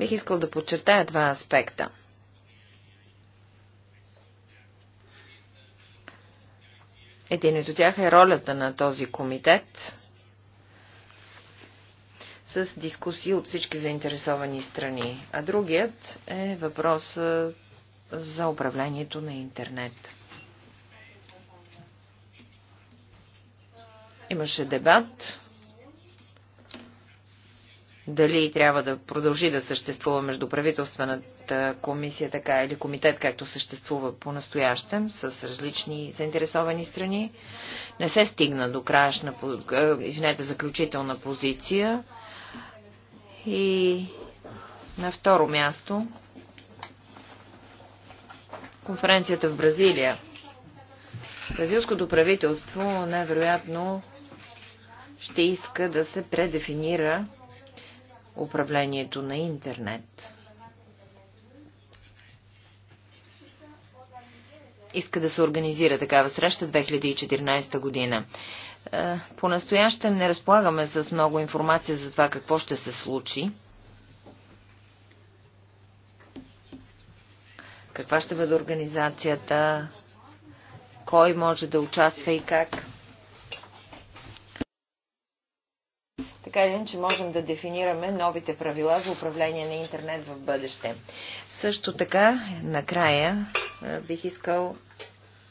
Бих искал да подчертая два аспекта. Един от тях е ролята на този комитет с дискусии от всички заинтересовани страни, а другият е въпрос за управлението на интернет. Имаше дебат дали трябва да продължи да съществува междуправителствената комисия така или комитет, както съществува по-настоящем, с различни заинтересовани страни. Не се стигна до краешна, извинете, заключителна позиция. И на второ място конференцията в Бразилия. Бразилското правителство невероятно ще иска да се предефинира управлението на интернет. Иска да се организира такава среща 2014 година. Е, по-настоящем не разполагаме с много информация за това какво ще се случи. Каква ще бъде организацията? Кой може да участва и как? така че можем да дефинираме новите правила за управление на интернет в бъдеще. Също така, накрая, е, бих искал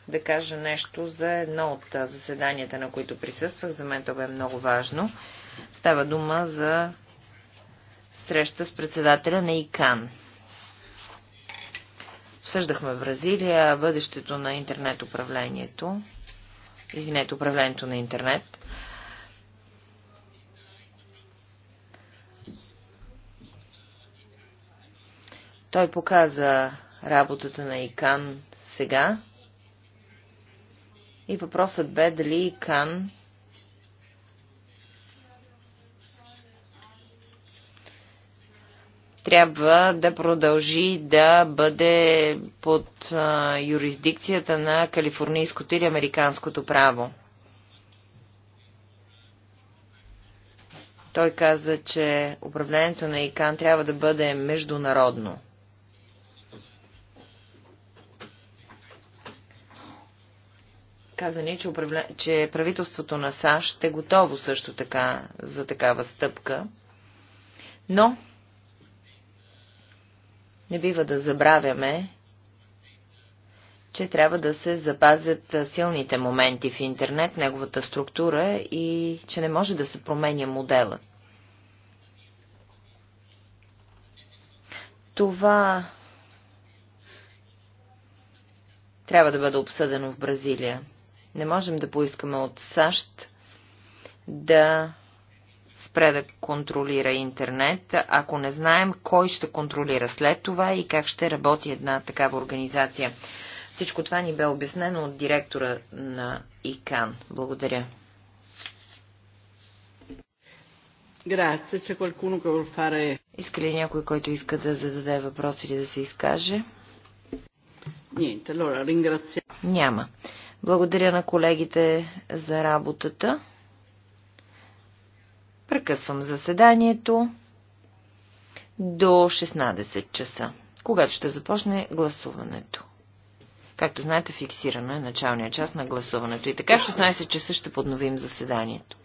да кажа нещо за едно от е, заседанията, на които присъствах. За мен това е много важно. Става дума за среща с председателя на ИКАН. Обсъждахме Бразилия, бъдещето на интернет управлението, извинете, управлението на интернет. Той показа работата на ИКАН сега и въпросът бе дали ИКАН трябва да продължи да бъде под юрисдикцията на калифорнийското или американското право. Той каза, че управлението на ИКАН трябва да бъде международно. Каза ни, че, управля... че правителството на САЩ е готово също така за такава стъпка, но не бива да забравяме, че трябва да се запазят силните моменти в интернет, неговата структура и че не може да се променя модела. Това трябва да бъде обсъдено в Бразилия. Не можем да поискаме от САЩ да спре да контролира интернет, ако не знаем кой ще контролира след това и как ще работи една такава организация. Всичко това ни бе обяснено от директора на ИКАН. Благодаря. Иска ли някой, който иска да зададе въпрос или да се изкаже? Няма. Благодаря на колегите за работата. Прекъсвам заседанието до 16 часа, когато ще започне гласуването. Както знаете, фиксирано е началния час на гласуването. И така в 16 часа ще подновим заседанието.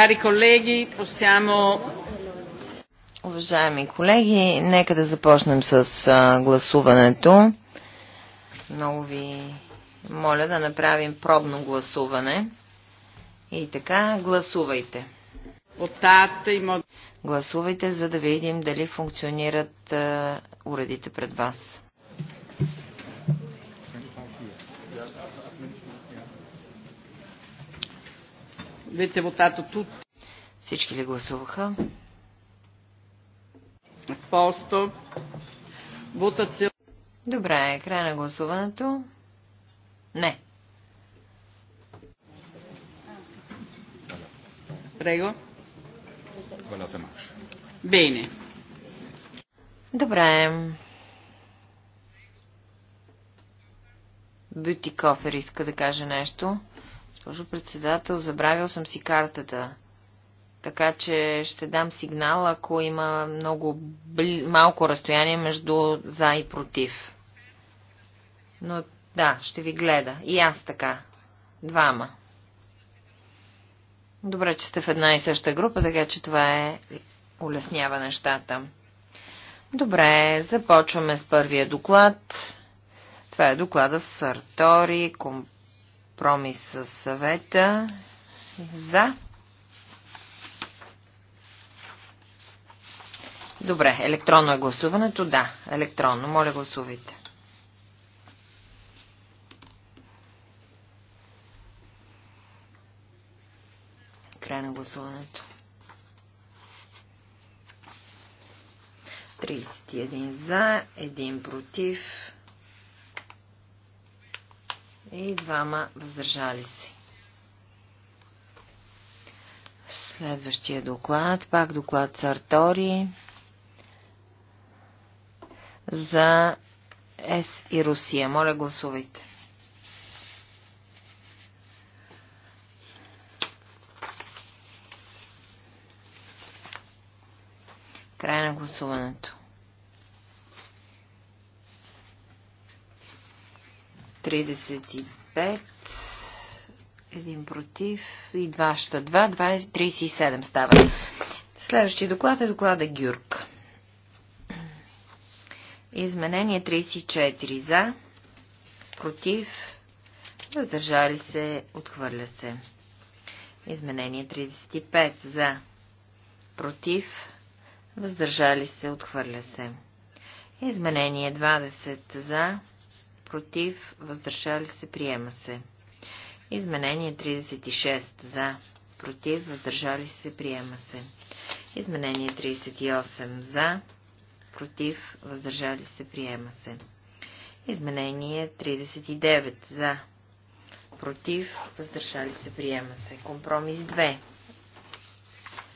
Cari colleghi, possiamo... Уважаеми колеги, нека да започнем с гласуването. Много ви моля да направим пробно гласуване. И така, гласувайте. Гласувайте, за да видим дали функционират уредите пред вас. Avete votato tutti? Всички ли гласуваха? Посто. Votazione. Добре, край на гласуването. Не. Прего. Quella se marche. Bene. Добре. Бютикофер иска да каже нещо. Госпожо председател, забравил съм си картата. Така че ще дам сигнал, ако има много бли... малко разстояние между за и против. Но да, ще ви гледа. И аз така. Двама. Добре, че сте в една и съща група, така че това е улеснява нещата. Добре, започваме с първия доклад. Това е доклада с Артори, компания компромис с съвета. За. Добре, електронно е гласуването. Да, електронно. Моля, гласувайте. Край на гласуването. 31 за, 1 против и двама въздържали се. Следващия доклад, пак доклад Сартори за ЕС и Русия. Моля, гласувайте. Край на гласуването. 35, един против и два ще 2, 20, 37 става. Следващия доклад е доклада Гюрк. Изменение 34 за, против, въздържали се, отхвърля се. Изменение 35 за, против, въздържали се, отхвърля се. Изменение 20 за, против, въздържали се, приема се. Изменение 36 за, против, въздържали се, приема се. Изменение 38 за, против, въздържали се, приема се. Изменение 39 за, против, въздържали се, приема се. Компромис 2.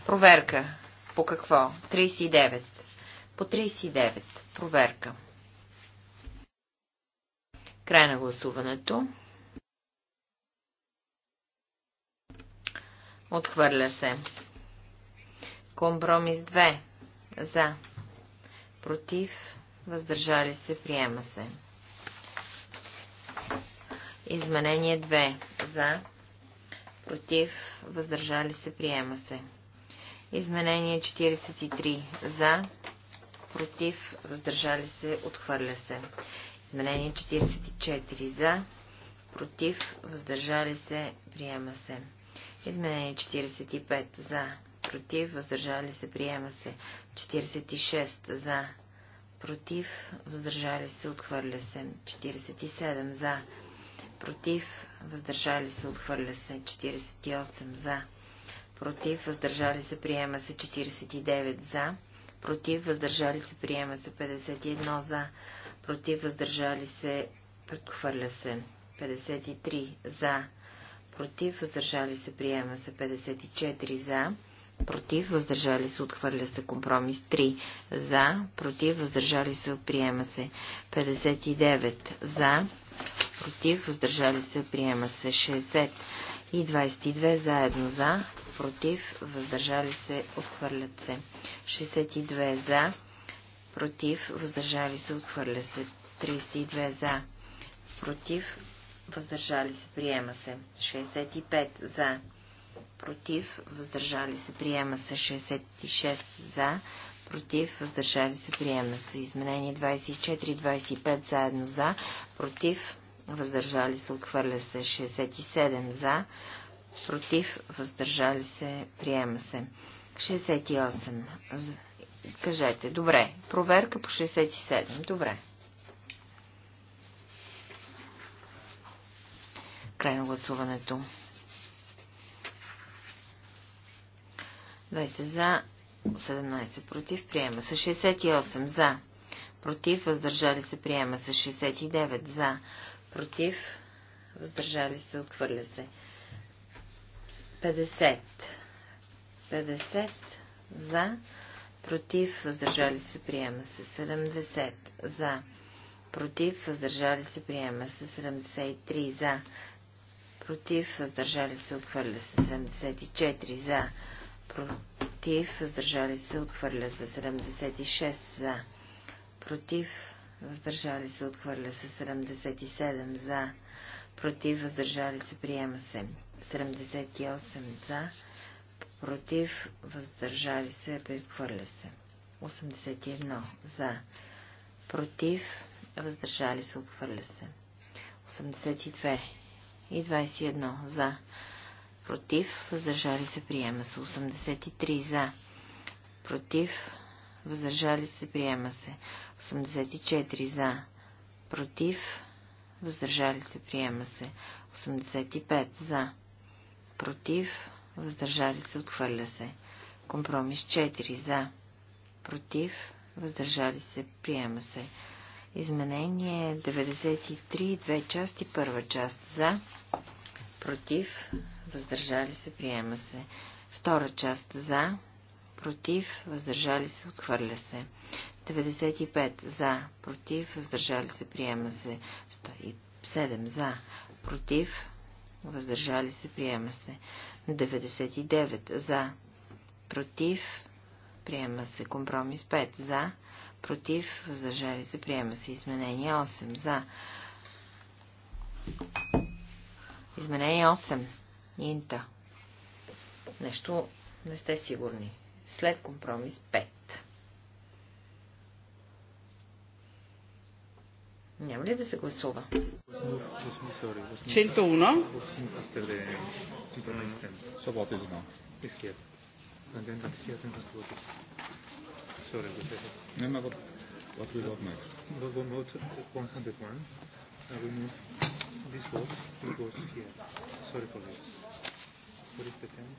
Проверка. По какво? 39. По 39. Проверка. Край на гласуването. Отхвърля се. Компромис 2. За. Против. Въздържали се. Приема се. Изменение 2. За. Против. Въздържали се. Приема се. Изменение 43. За. Против. Въздържали се. Отхвърля се. Изменение 44 за, против, въздържали се, приема се. Изменение 45 за, против, въздържали се, приема се. 46 за, против, въздържали се, отхвърля се. 47 за, против, въздържали се, отхвърля се. 48 за, против, въздържали се, приема се. 49 за, против, въздържали се, приема се. 51 за, против, въздържали се, предхвърля се. 53 за, против, въздържали се, приема се. 54 за, против, въздържали се, отхвърля се. Компромис 3 за, против, въздържали се, приема се. 59 за, против, въздържали се, приема се. 60 и 22 заедно за, против, въздържали се, отхвърлят се. 62 за, против, въздържали се, отхвърля се. 32 за, против, въздържали се, приема се. 65 за, против, въздържали се, приема се. 66 за, против, въздържали се, приема се. Изменение 24 25 заедно за, против, въздържали се, отхвърля се. 67 за, против, въздържали се, приема се. 68 за кажете. Добре. Проверка по 67. Добре. Край на гласуването. 20 за, 17 против, приема се 68 за, против, въздържали се, приема се 69 за, против, въздържали се, отхвърля се 50. 50 за, против, въздържали се, приема се 70 за, против, въздържали се, приема се 73 за, против, въздържали се, отхвърля се 74 за, против, въздържали се, отхвърля се 76 за, против, въздържали се, отхвърля се 77 за, против, въздържали се, приема се 78 за, против, въздържали се, прехвърля се. 81 за, против, въздържали се, отхвърля се. 82 и 21 за, против, въздържали се, приема се. 83 за, против, въздържали се, приема се. 84 за, против, въздържали се, приема се. 85 за, против, въздържали се, отхвърля се. Компромис 4 за, против, въздържали се, приема се. Изменение 93, две части, първа част за, против, въздържали се, приема се. Втора част за, против, въздържали се, отхвърля се. 95 за, против, въздържали се, приема се. 107 за, против, въздържали се, приема се. 99 за, против, приема се компромис 5 за, против, въздържали се, приема се изменение 8 за. Изменение 8. Инта. Нещо не сте сигурни. След компромис 5. Няма ли да се гласува? 101. what, what we vote next. We will vote 101. I will move It Sorry for this. What is the time?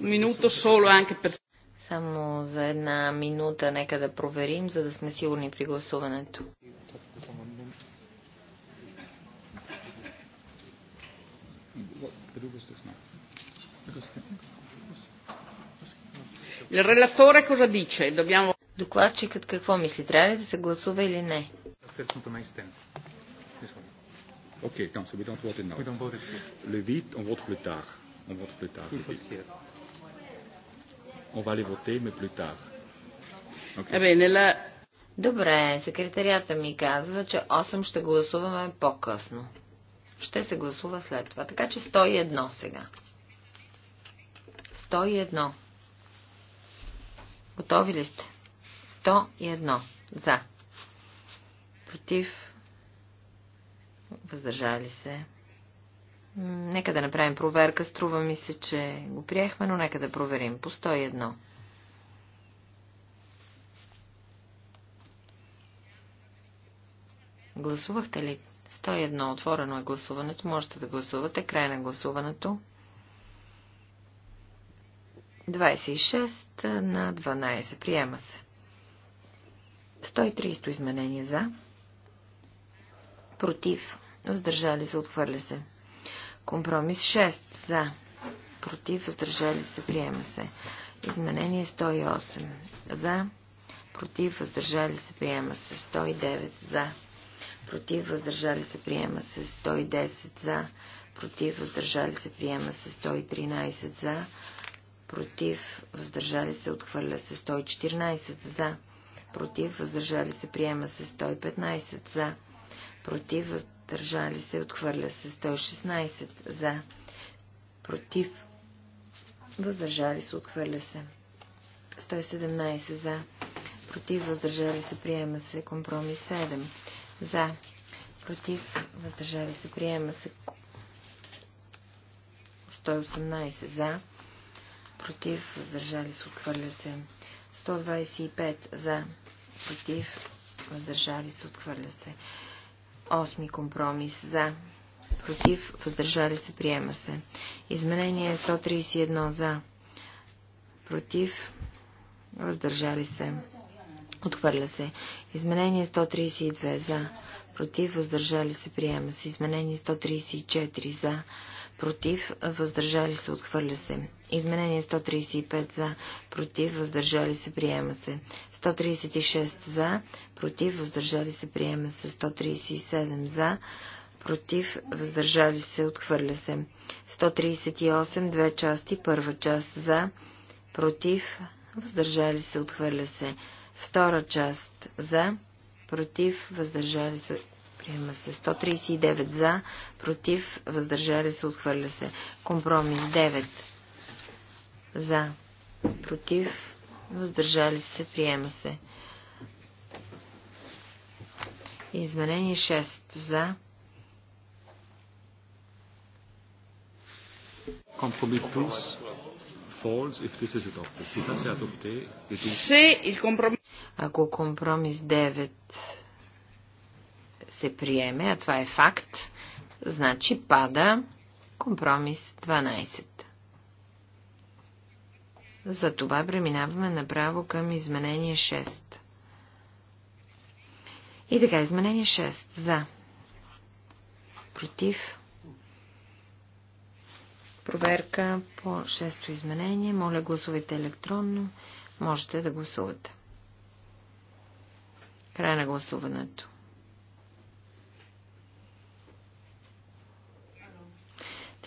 Un minuto solo anche per... Само за една минута нека да проверим, за да сме сигурни при гласуването. Докладчикът какво мисли? Трябва ли да се гласува или не? Окей, там се бидам вот една. Левит, on vote plus Он вот vote plus tard. On va les voter, mais plus tard. Okay. Добре, секретарията ми казва, че 8 ще гласуваме по-късно. Ще се гласува след това. Така че 101 сега. 101. Готови ли сте? 101. За. Против. Въздържали се. Нека да направим проверка. Струва ми се, че го приехме, но нека да проверим. По 101. Гласувахте ли? 101. Отворено е гласуването. Можете да гласувате. Край на гласуването. 26 на 12. Приема се. 130 изменение за. Против. Въздържали се. Отхвърля се. Компромис 6 за. Против, въздържали се, приема се. Изменение 108 за. Против, въздържали се, приема се. 109 за. Против, въздържали се, приема се. 110 за. Против, въздържали се, приема се. 113 за. Против, въздържали се, отхвърля се. 114 за. Против, въздържали се, приема се. 115 за. Против, въздържали въздържали се, отхвърля се 116 за, против, въздържали се, отхвърля се 117 за, против, въздържали се, приема се компромис 7 за, против, въздържали се, приема се 118 за, против, въздържали се, отхвърля се 125 за, против, въздържали се, отхвърля се Осми компромис за. Против. Въздържали се. Приема се. Изменение 131 за. Против. Въздържали се. Отхвърля се. Изменение 132 за. Против. Въздържали се. Приема се. Изменение 134 за против, въздържали се, отхвърля се. Изменение 135 за, против, въздържали се, приема се. 136 за, против, въздържали се, приема се. 137 за, против, въздържали се, отхвърля се. 138, две части, първа част за, против, въздържали се, отхвърля се. Втора част за, против, въздържали се, Приема се 139 за, против, въздържали се, отхвърля се. Компромис 9 за, против, въздържали се, приема се. Изменение 6 за. Ако компромис 9 се приеме, а това е факт, значи пада компромис 12. Затова преминаваме направо към изменение 6. И така, изменение 6. За. Против. Проверка по 6-то изменение. Моля, гласувайте електронно. Можете да гласувате. Край на гласуването.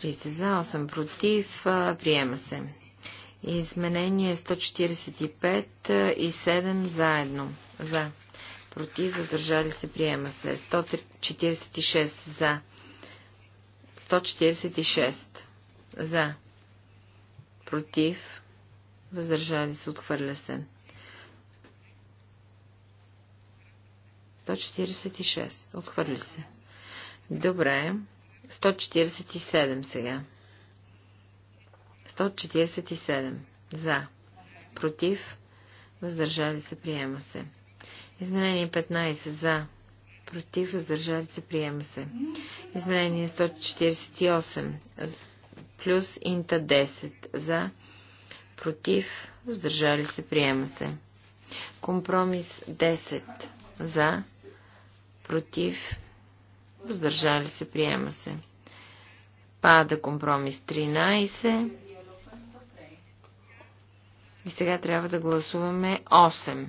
30 за, 8 против. Приема се. Изменение 145 и 7 заедно. За. Против. Въздържали се. Приема се. 146 за. 146 за. Против. Въздържали се. Отхвърля се. 146. Отхвърли се. Добре. 147 сега. 147. За. Против. Въздържали се. Приема се. Изменение 15. За. Против. Въздържали се. Приема се. Изменение 148. Плюс инта 10. За. Против. Въздържали се. Приема се. Компромис 10. За. Против. Въздържали се, приема се. Пада компромис 13. И сега трябва да гласуваме 8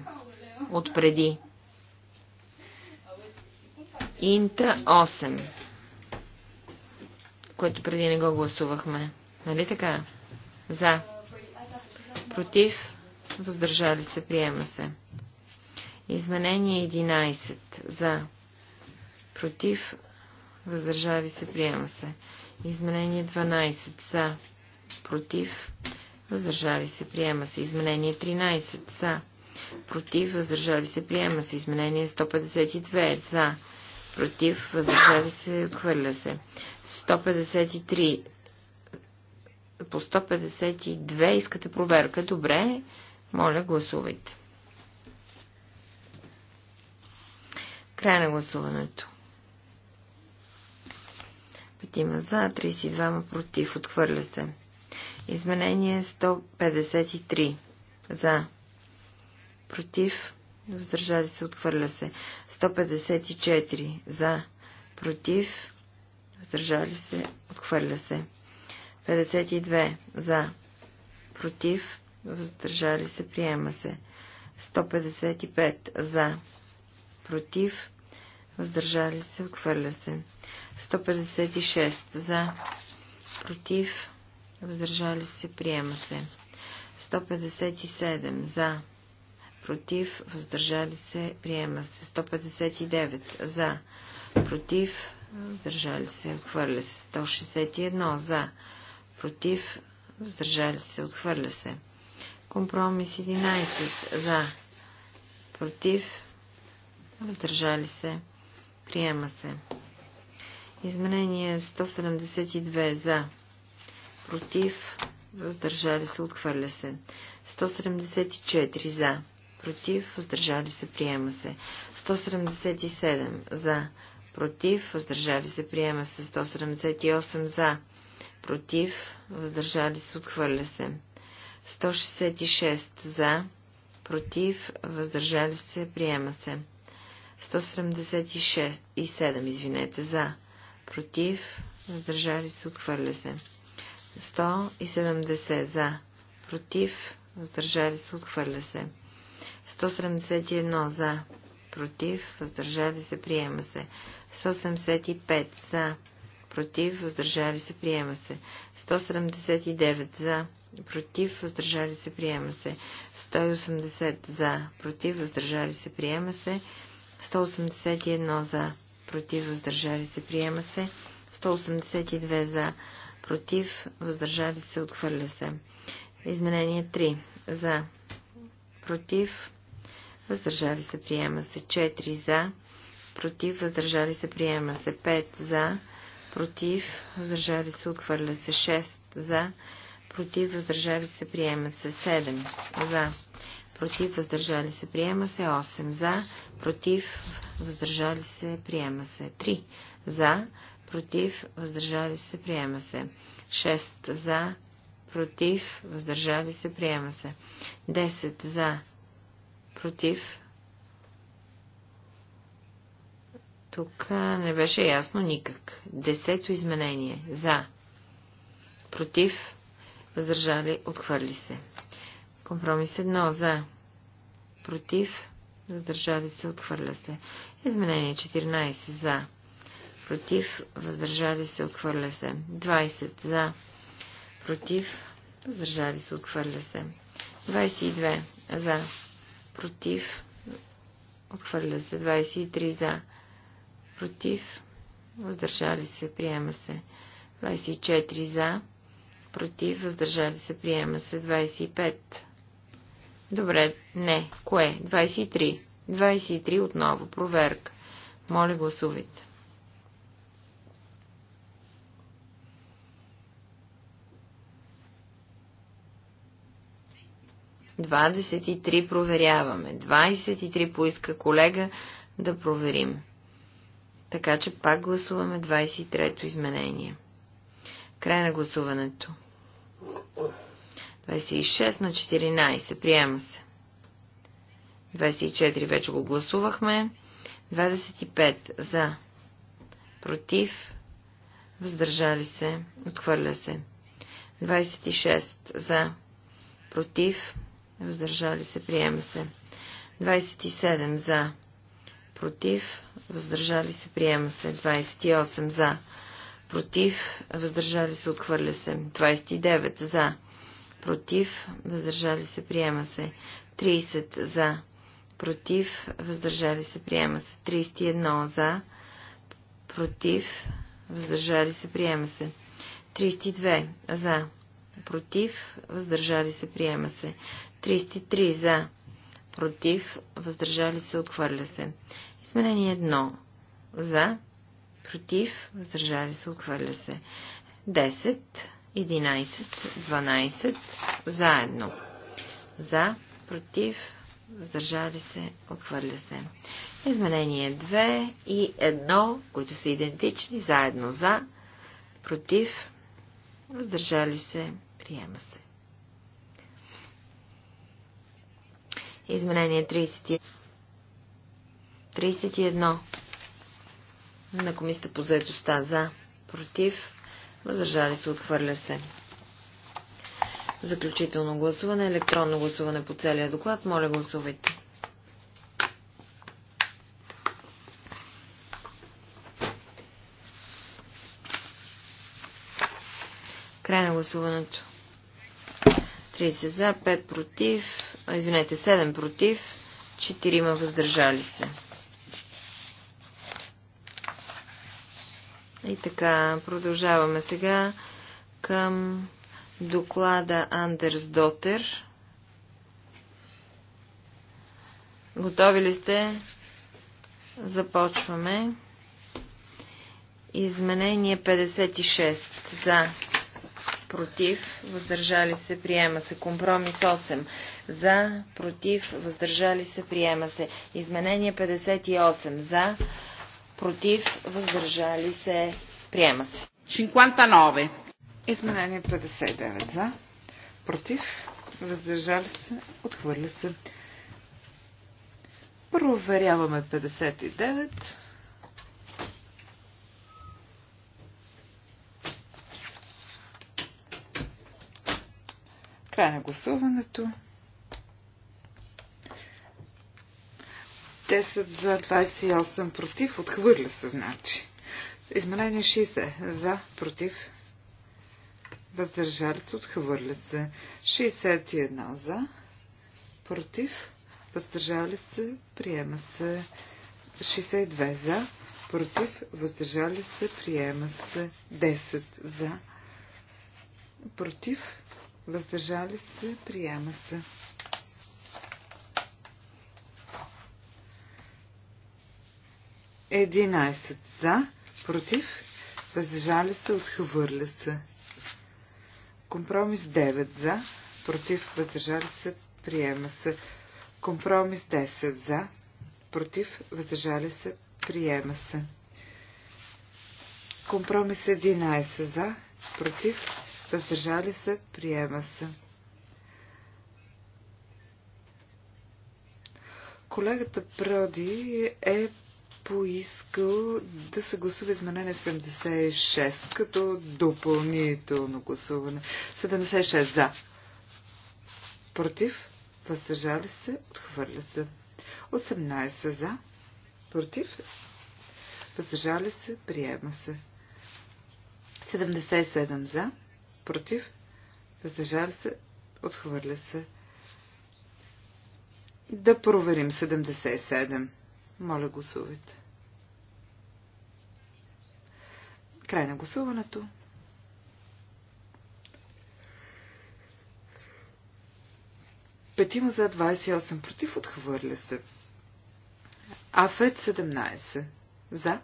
от преди. Инта 8, което преди не го гласувахме. Нали така? За. Против. Въздържали се. Приема се. Изменение 11. За против, въздържали се, приема се. Изменение 12 за, против, въздържали се, приема се. Изменение 13 за, против, въздържали се, приема се. Изменение 152 за, против, въздържали се, отхвърля се. 153 по 152 искате проверка. Добре, моля, гласувайте. Край на гласуването. 15 за, 32 против. Отхвърля се. Изменение 153 за, против. Въздържали се. Отхвърля се. 154 за, против. Въздържали се. Отхвърля се. 52 за, против. Въздържали се. Приема се. 155 за, против въздържали се, отхвърля се. 156 за, против, въздържали се, приема се. 157 за, против, въздържали се, приема се. 159 за, против, въздържали се, отхвърля се. 161 за, против, въздържали се, отхвърля се. Компромис 11 за, против, въздържали се. Приема се. Изменение 172 за. Против. Въздържали се. Отхвърля се. 174 за. Против. Въздържали се. Приема се. 177 за. Против. Въздържали се. Приема се. 178 за. Против. Въздържали се. Отхвърля се. 166 за. Против. Въздържали се. Приема се. 177, извинете, за, против, въздържали се, отхвърля се. 170 за, против, въздържали се, отхвърля се. 171 за, против, въздържали се, приема се. 175 за, против, въздържали се, приема се. 179 за, против, въздържали се, приема се. 180 за, против, въздържали се, приема се. 181 за, против, въздържали се, приема се. 182 за, против, въздържали се, отхвърля се. Изменение 3 за, против, въздържали се, приема се. 4 за, против, въздържали се, приема се. 5 за, против, въздържали се, отхвърля се. 6 за, против, въздържали се, приема се. 7 за, против, въздържали се, приема се. 8 за, против, въздържали се, приема се. 3 за, против, въздържали се, приема се. 6 за, против, въздържали се, приема се. 10 за, против. Тук не беше ясно никак. Десето изменение. За. Против. Въздържали. Отхвърли се. Компромис 1 за. Против. Въздържали се. Отхвърля се. Изменение 14 за. Против. Въздържали се. Отхвърля се. 20 за. Против. Въздържали се. Отхвърля се. 22 за. Против. Отхвърля се. 23 за. Против. Въздържали се. Приема се. 24 за. Против. Въздържали се. Приема се. 25 Добре, не. Кое? 23. 23 отново. Проверка. Моля, гласувайте. Двадесет и три проверяваме. Двадесет и три поиска колега да проверим. Така че пак гласуваме 23-то изменение. Край на гласуването. 26 на 14. Приема се. 24 вече го гласувахме. 25 за. Против. Въздържали се. Отхвърля се. 26 за. Против. Въздържали се. Приема се. 27 за. Против. Въздържали се. Приема се. 28 за. Против. Въздържали се. Отхвърля се. 29 за против, въздържали се, приема се. 30 за, против, въздържали се, приема се. 31 за, против, въздържали се, приема се. 32 за, против, въздържали се, приема се. 33 за, против, въздържали се, отхвърля се. Изменение 1 за, против, въздържали се, отхвърля се. 10 11-12 заедно. За, против, въздържали се, отхвърля се. Изменение 2 и 1, които са идентични, заедно за, против, въздържали се, приема се. Изменение 30... 31 на комисията по заедостта за, против, Въздържали се, отхвърля се. Заключително гласуване, електронно гласуване по целия доклад. Моля, гласувайте. Край на гласуването. 30 за, 5 против, извинете, 7 против, 4 въздържали се. И така, продължаваме сега към доклада Андерс Дотер. Готови ли сте? Започваме. Изменение 56. За. Против. Въздържали се. Приема се. Компромис 8. За. Против. Въздържали се. Приема се. Изменение 58. За против, въздържали се, приема се. 59. Изменение 59 за, против, въздържали се, отхвърля се. Проверяваме 59. Край на гласуването. 10 за 28 против. Отхвърля се, значи. Изменение 60 за против. Въздържали се, отхвърля се. 61 за против. Въздържали се, приема се. 62 за против. Въздържали се, приема се. 10 за против. Въздържали се, приема се. 11 за, против, въздържали се, отхвърля се. Компромис 9 за, против, въздържали се, приема се. Компромис 10 за, против, въздържали се, приема се. Компромис 11 за, против, въздържали се, приема се. Колегата Проди е поискал да се гласува изменение 76 като допълнително гласуване. 76 за. Против. Въздържали се. Отхвърля се. 18 за. Против. Въздържали се. Приема се. 77 за. Против. Въздържали се. Отхвърля се. Да проверим 77. Моля, гласувайте. Край на гласуването. Петима за 28 против отхвърля се. Афет 17. За.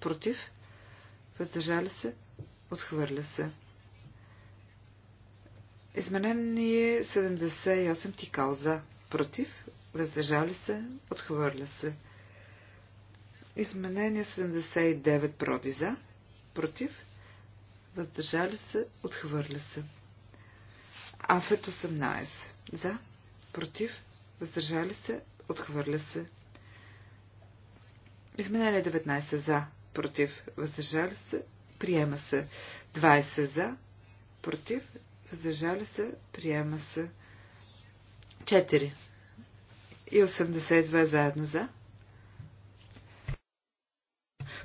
Против. Въздържали се. Отхвърля се. Изменение 78 тикал за. Против въздържали се, отхвърля се. Изменение 79 проди за, против, въздържали се, отхвърля се. Афет 18 за, против, въздържали се, отхвърля се. Изменение 19 за, против, въздържали се, приема се. 20 за, против, въздържали се, приема се. 4 и 82 заедно за.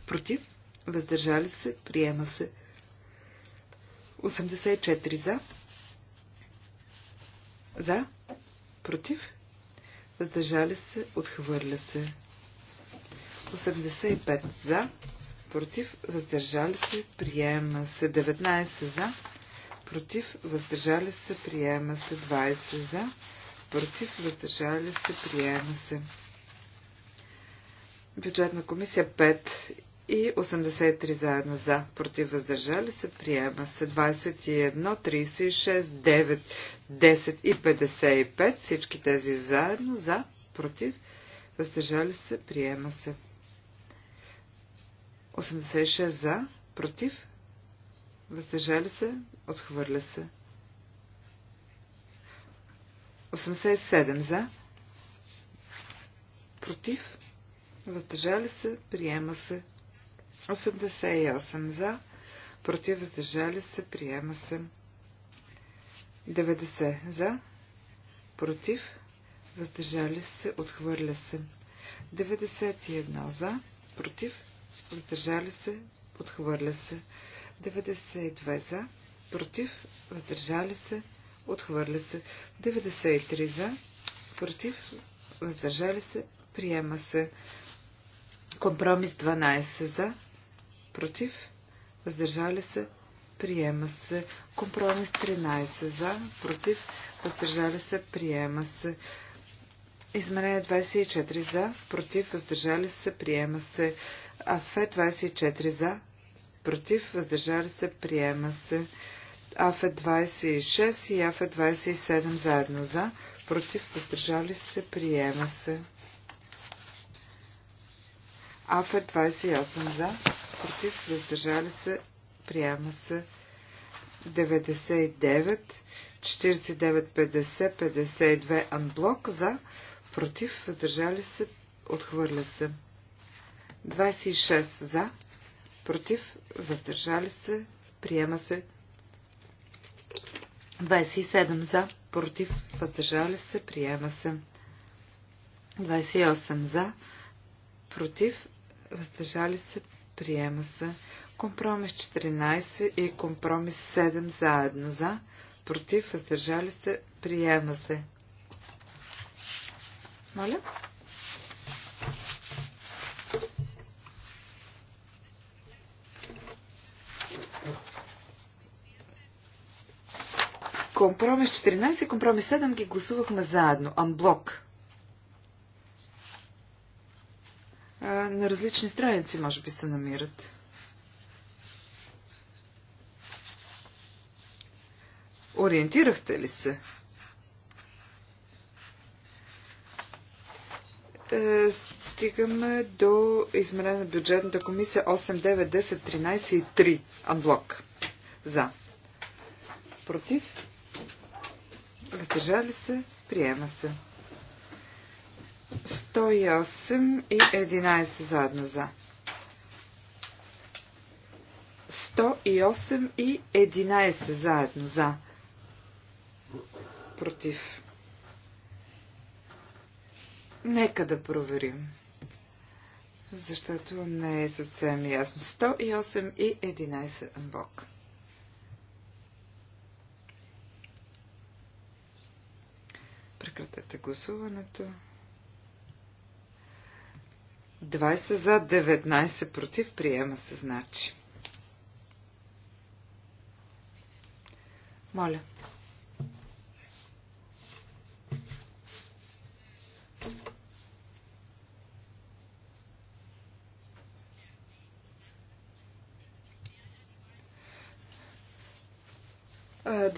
Против. Въздържали се. Приема се. 84 за. За. Против. Въздържали се. Отхвърля се. 85 за. Против. Въздържали се. Приема се. 19 за. Против. Въздържали се. Приема се. 20 за против, въздържали се, приема се. Бюджетна комисия 5 и 83 заедно за, против, въздържали се, приема се. 21, 36, 9, 10 и 55, всички тези заедно за, против, въздържали се, приема се. 86 за, против, въздържали се, отхвърля се. 87 за. Против. Въздържали се. Приема се. 88 за. Против. Въздържали се. Приема се. 90 за. Против. Въздържали се. Отхвърля се. 91 за. Против. Въздържали се. Отхвърля се. 92 за. Против. Въздържали се. Отхвърля се. 93 за. Против. Въздържали се. Приема се. Компромис 12 за. Против. Въздържали се. Приема се. Компромис 13 за. Против. Въздържали се. Приема се. Изменение 24 за. Против. Въздържали се. Приема се. Афе 24 за. Против. Въздържали се. Приема се. АФЕ 26 и АФЕ 27 заедно за, против, въздържали се, приема се. АФЕ 28 за, против, въздържали се, приема се. 99, 49, 50, 52 анблок за, против, въздържали се, отхвърля се. 26 за, против, въздържали се, приема се. 27 за, против, въздържали се, приема се. 28 за, против, въздържали се, приема се. Компромис 14 и компромис 7 заедно за, против, въздържали се, приема се. Моля? Компромис 14 и компромис 7 ги гласувахме заедно, анблок. На различни страници, може би, се намират. Ориентирахте ли се? Е, стигаме до изменение на бюджетната комисия 8, 9, 10, 13 и 3. Анблок. За. Против въздържали се, приема се. 108 и 11 заедно за. 108 и 11 заедно за. Против. Нека да проверим. Защото не е съвсем ясно. 108 и 11 бок. Прекратете гласуването. 20 за 19 против. Приема се значи. Моля.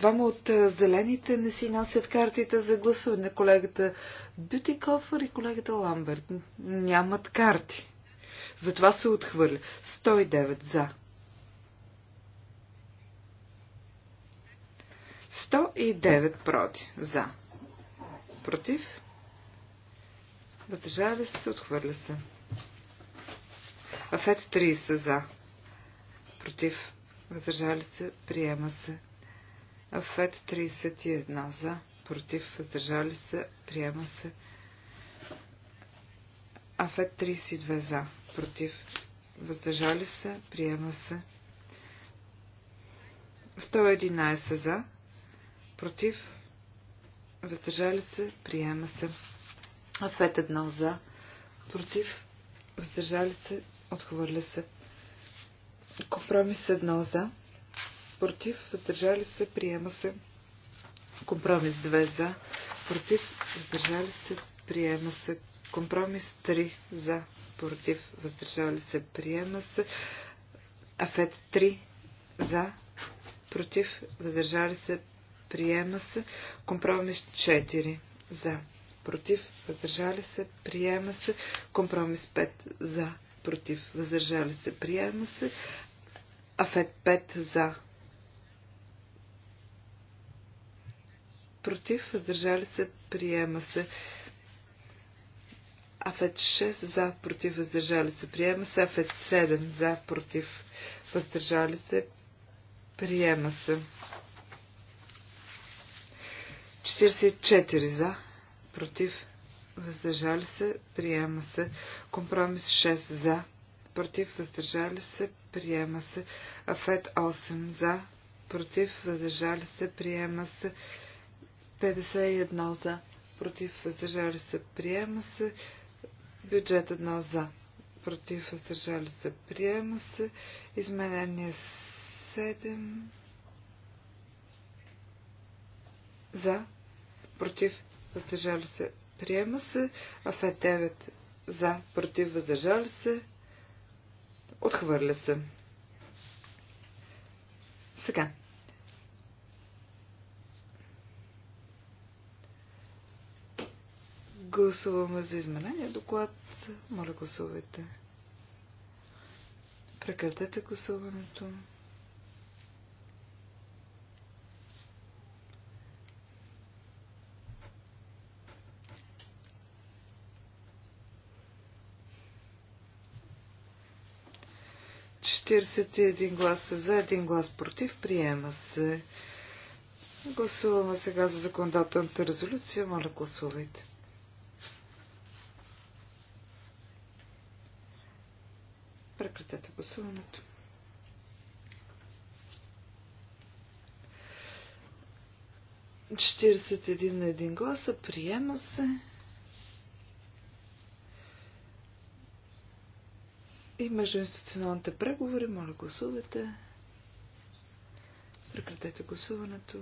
Двама от зелените не си носят картите за гласуване. Колегата Бютикофър и колегата Ламберт нямат карти. Затова се отхвърля. 109 за. 109 против. За. Против. Въздържали се, отхвърля се. Афет 30 за. Против. Въздържали се, приема се. Фет 31 за, против, въздържали се, приема се. Афет 32 за, против, въздържали се, приема се. 111 за, против, въздържали се, приема се. Афет 1 за, против, въздържали се, отхвърля се. Компромис 1 за, против, въздържали се, приема се. Компромис 2 за, против, въздържали се, приема се. Компромис 3 за, против, въздържали се, приема се. Афет 3 за, против, въздържали се, приема се. Компромис 4 за, против, въздържали се, приема се. Компромис 5 за, против, въздържали се, приема се. Афет 5 за, против, въздържали се, приема се. Афет 6 за, против, въздържали се, приема се. Афет 7 за, против, въздържали се, приема се. 44 за, против, въздържали се, приема се. Компромис 6 за, против, въздържали се, приема се. Афет 8 за, против, въздържали се, приема се. 51 за. Против въздържали се. Приема се. Бюджет 1 за. Против въздържали се. Приема се. Изменение 7 за. Против въздържали се. Приема се. Афет 9 за. Против въздържали се. Отхвърля се. Сега. Гласуваме за изменение доклад. Моля, гласувайте. Прекратете гласуването. един гласа е за, един глас против. Приема се. Гласуваме сега за законодателната резолюция. Моля, гласувайте. Прекратете гласуването. Четиридесет един на един гласа. Приема се. И институционалните преговори, моля гласувате. Прекратете гласуването.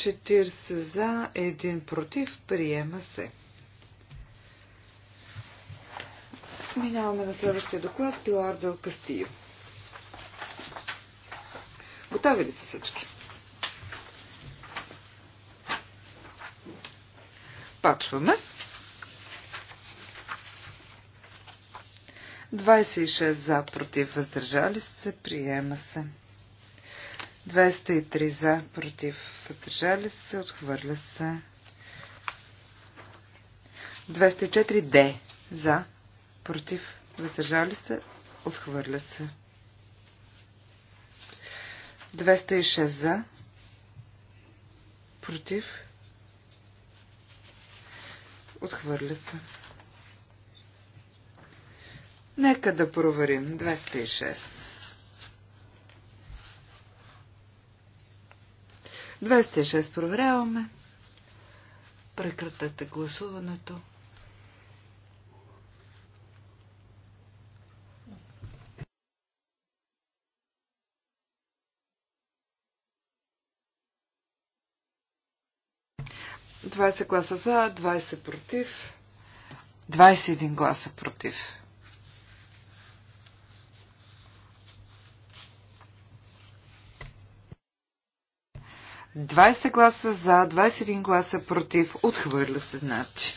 40 за, 1 против. Приема се. Минаваме на следващия доклад. Пилар Дел Кастио. Готови ли са всички? Пачваме. 26 за, против, въздържали се, приема се. 203 за, против, въздържали се, отхвърля се. 204 Д за, против, въздържали се, отхвърля се. 206 за, против, отхвърля се. Нека да проверим. 206. 206 проверяваме. Прекратете гласуването. Двадесет гласа за, 20 против, 21 гласа против. 20 гласа за, 21 гласа против. Отхвърля се, значи.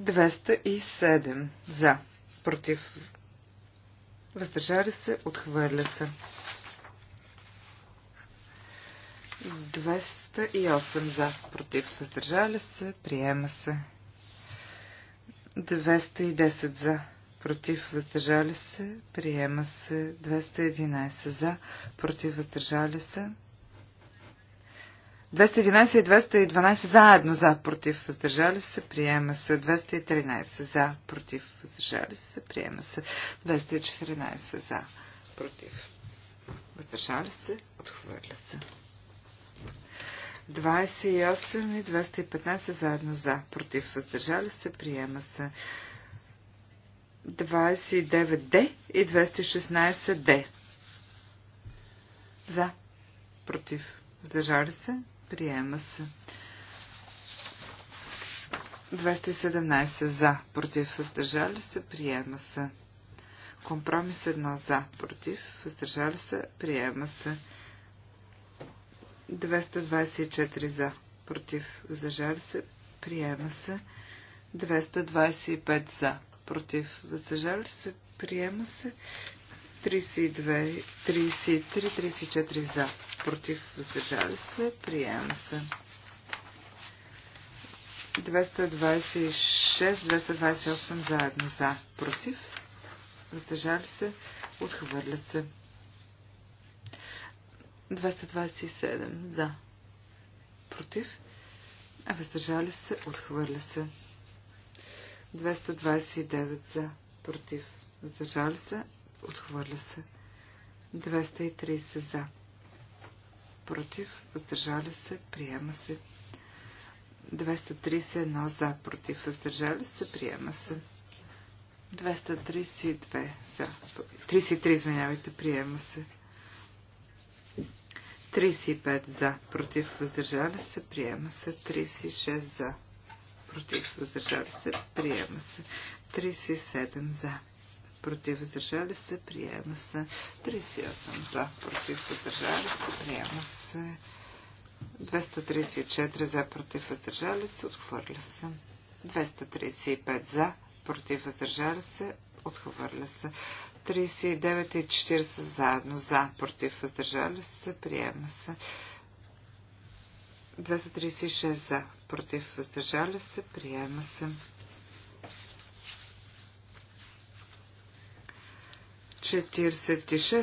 207 за, против. Въздържали се, отхвърля се. 208 за, против. Въздържали се, приема се. 210 за, против въздържали се, приема се 211 за, против въздържали се. 211 и 212 заедно за, против въздържали се, приема се 213 за, против въздържали се, приема се 214 за, против въздържали се, отхвърля се. 28 и 215 заедно за, против въздържали се, приема се 29D и 216D. За. Против. Въздържали се. Приема се. 217 за. Против. Въздържали се. Приема се. Компромис 1 за. Против. Въздържали се. Приема се. 224 за. Против. Въздържали се. Приема се. 225 за против, въздържали се, приема се 32, 33, 34 за, против, въздържали се, приема се. 226, 228 заедно за, против, въздържали се, отхвърля се. 227 за, против, въздържали се, отхвърля се. 229 за, против, въздържали се, отхвърля се. 230 за, против, въздържали се, приема се. 231 за, против, въздържали се, приема се. 232 за, 33, извинявайте, приема се. 35 за, против, въздържали се, приема се. 36 за, против, въздържали се, приема се. 37 за, против, въздържали се, приема се. 38 за, против, въздържали се, приема се. 234 за, против, въздържали се, отхвърля се. 235 за, против, въздържали се, отхвърля се. 39 и 40 заедно за, против, въздържали се, приема се. 236 за. Против въздържали се. Приема се. 46,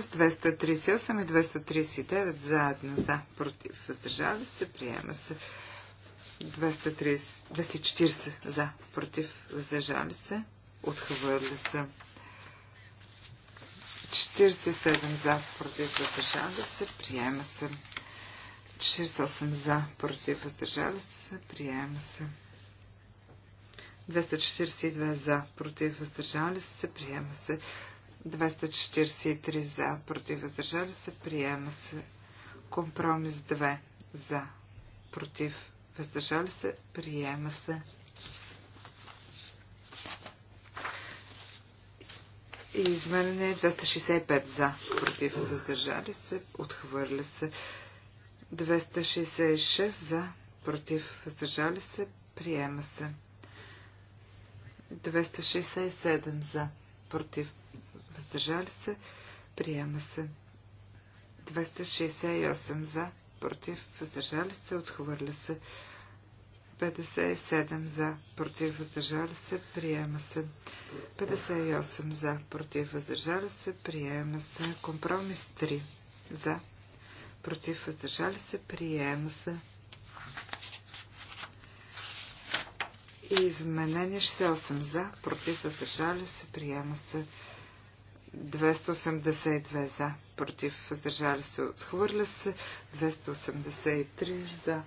238 и 239 заедно за. Против въздържали се. Приема се. 230, 240 за. Против въздържали се. Отхвърля се. 47 за. Против въздържали се. Приема се. 48 за, против, въздържали се, приема се. 242 за, против, въздържали се, приема се. 243 за, против, въздържали се, приема се. Компромис 2 за, против, въздържали се, приема се. И изменение 265 за, против, въздържали се, отхвърля се. 266 за, против, въздържали се, приема се. 267 за, против, въздържали се, приема се. 268 за, против, въздържали се, отхвърля се. 57 за, против, въздържали се, приема се. 58 за, против, въздържали се, приема се. Компромис 3 за, против, въздържали се, приема се. И изменение 68 за, против, въздържали се, приема се. 282 за, против, въздържали се, отхвърля се. 283 за.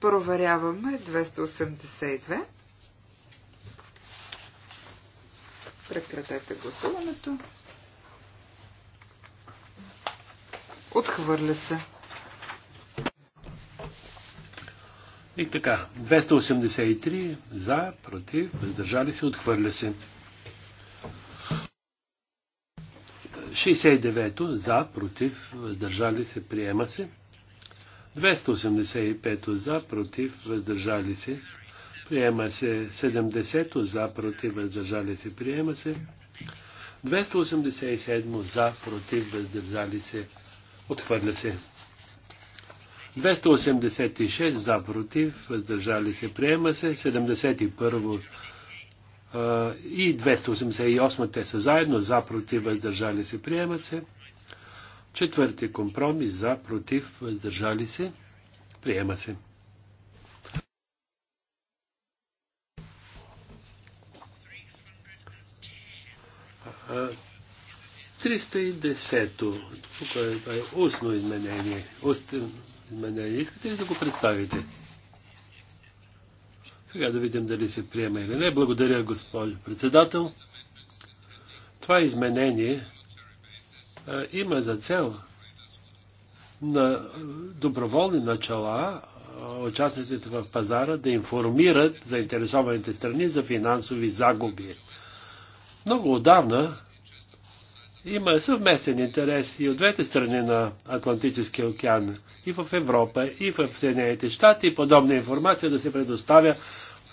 Проверяваме 282. Прекратете гласуването. Отхвърля се. И така, 283 за, против, въздържали се, отхвърля се. 69-то за, против, въздържали се, приема се. 285-то за, против, въздържали се, приема се. 70-то за, против, въздържали се, приема се. 287 за, против, въздържали се, приема се. Отхвърля се. 286 за против, въздържали се, приема се. 71 и 288 те са заедно, за против, въздържали се, приемат се. Четвърти компромис за против, въздържали се, приема се. 310-то, Тук е, е устно изменение. Устно изменение. Искате ли да го представите? Сега да видим дали се приема или не. Благодаря, госпожо председател. Това изменение а, има за цел на доброволни начала участниците в пазара да информират заинтересованите страни за финансови загуби. Много отдавна има съвместен интерес и от двете страни на Атлантическия океан, и в Европа, и в Съединените щати, и подобна информация да се предоставя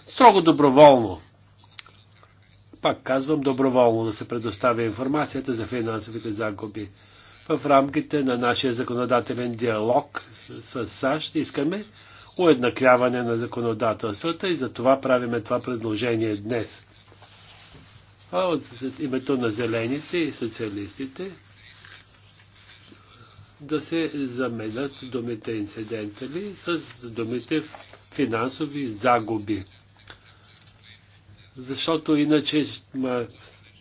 строго доброволно. Пак казвам, доброволно да се предоставя информацията за финансовите загуби. В рамките на нашия законодателен диалог с, САЩ искаме уеднаквяване на законодателствата и за това правиме това предложение днес. А от името на зелените и социалистите да се заменят думите инцидентали с думите финансови загуби. Защото иначе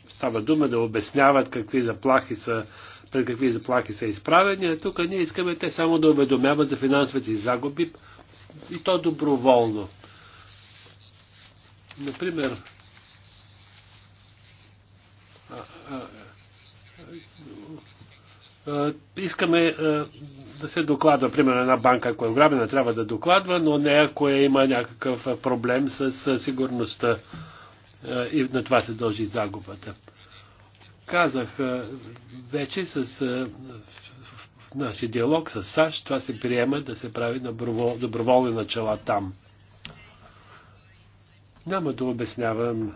става дума да обясняват какви заплахи са, пред какви заплахи са изправени, а тук ние искаме те само да уведомяват за финансовите загуби и то доброволно. Например, искаме да се докладва, примерно една банка, ако е ограбена, трябва да докладва, но не ако е, има някакъв проблем с сигурността и на това се дължи загубата. Казах вече с нашия диалог с САЩ, това се приема да се прави на доброволни начала там. Няма да обяснявам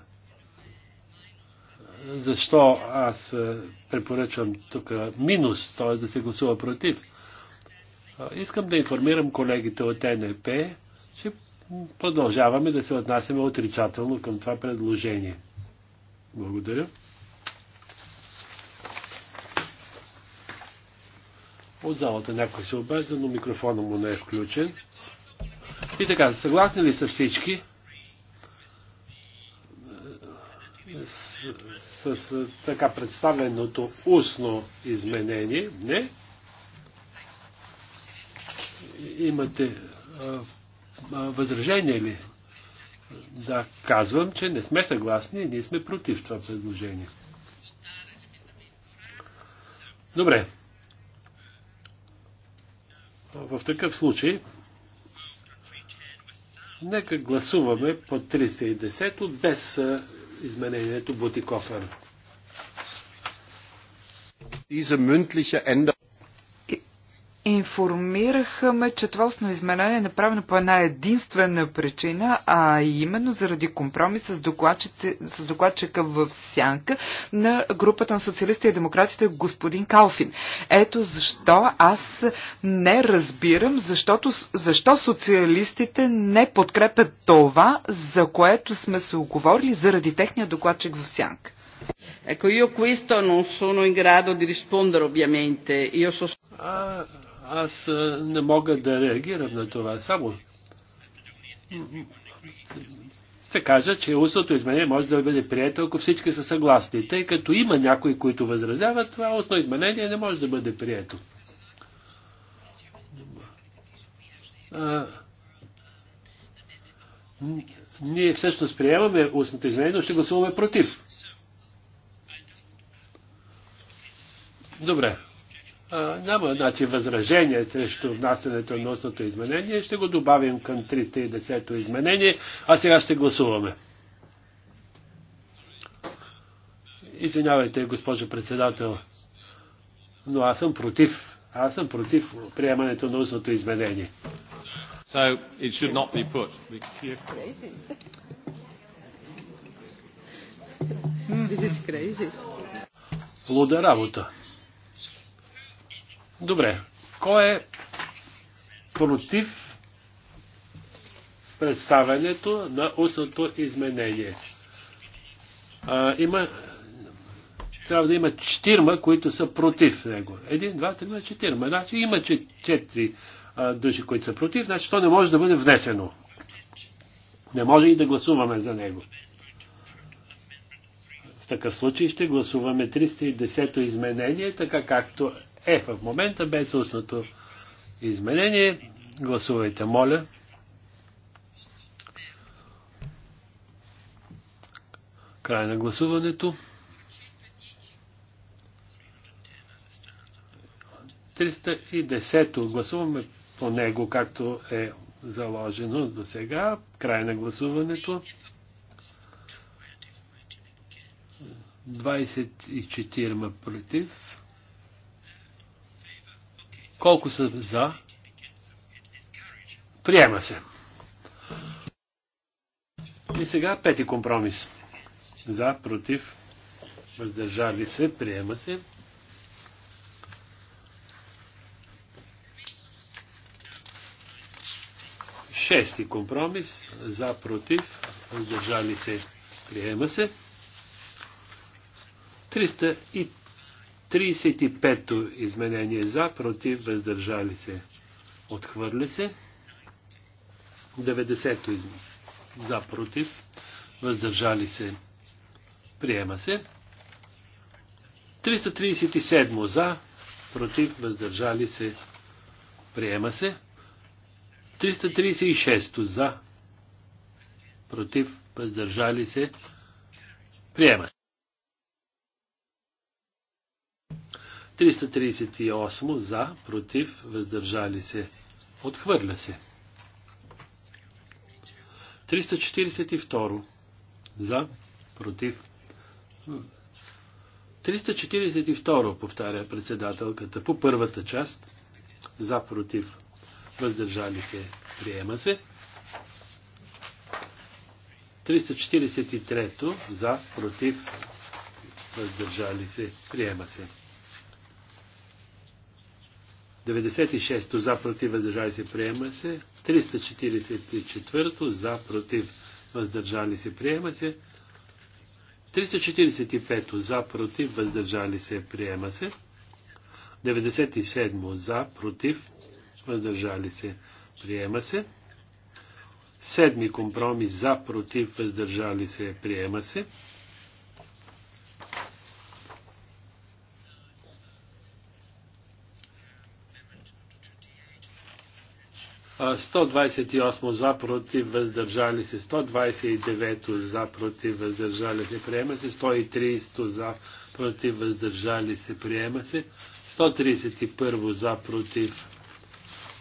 защо аз е, препоръчвам тук минус, т.е. да се гласува против. Искам да информирам колегите от НРП, че продължаваме да се отнасяме отрицателно към това предложение. Благодаря. От залата някой се обажда, но микрофона му не е включен. И така, съгласни ли са всички? с, с, така представеното устно изменение. Не. Имате а, а, възражение ли? Да, казвам, че не сме съгласни и ние сме против това предложение. Добре. В такъв случай, нека гласуваме по 310 без изменението Бутикофер. Diese mündliche Änderung Информираха ме, че това основно изменение е направено по една единствена причина, а именно заради компромис с, с докладчика в сянка на групата на социалистите и демократите господин Калфин. Ето защо аз не разбирам, защото, защо социалистите не подкрепят това, за което сме се оговорили заради техния докладчик в сянка. Ecco, io questo non sono in grado di rispondere ovviamente. Io so... Uh аз не мога да реагирам на това. Само се кажа, че устното изменение може да бъде прието, ако всички са съгласни. Тъй като има някои, които възразяват, това устно изменение не може да бъде прието. А, ние всъщност приемаме устното изменение, но ще гласуваме против. Добре а, няма значи, възражение срещу внасянето на носното изменение. Ще го добавим към 310-то изменение, а сега ще гласуваме. Извинявайте, госпожо председател, но аз съм против. Аз съм против приемането на устното изменение. So it should not be put. This is crazy. Луда работа. Добре. Кой е против представянето на устното изменение? А, има, трябва да има четирма, които са против него. Един, два, трима, четирма. Значи има четири а, души, които са против, значи то не може да бъде внесено. Не може и да гласуваме за него. В такъв случай ще гласуваме 310-то изменение, така както е в момента без устното изменение. Гласувайте, моля. Край на гласуването. 310 гласуваме по него, както е заложено до сега. Край на гласуването. 24 против. Колко са за? Приема се. И сега пети компромис. За, против, въздържали се, приема се. Шести компромис. За, против, въздържали се, приема се. 35-то изменение за, против, въздържали се. Отхвърли се. 90-то изменение за, против, въздържали се. Приема се. 337 за, против, въздържали се. Приема се. 336 за, против, въздържали се. Приема. се. 338 за, против, въздържали се. Отхвърля се. 342 за, против. 342 повтаря председателката по първата част. За, против, въздържали се, приема се. 343 за, против, въздържали се, приема се. 96-то за против въздържали се приема се. 344-то за против въздържали се приема се. 345-то за против въздържали се приема се. 97-то за против въздържали се приема се. Седми компромис за против въздържали се приема се. 128 за против въздържали се, 129 за против въздържали се, приема се, 130 за против въздържали се, приема се, 131 за против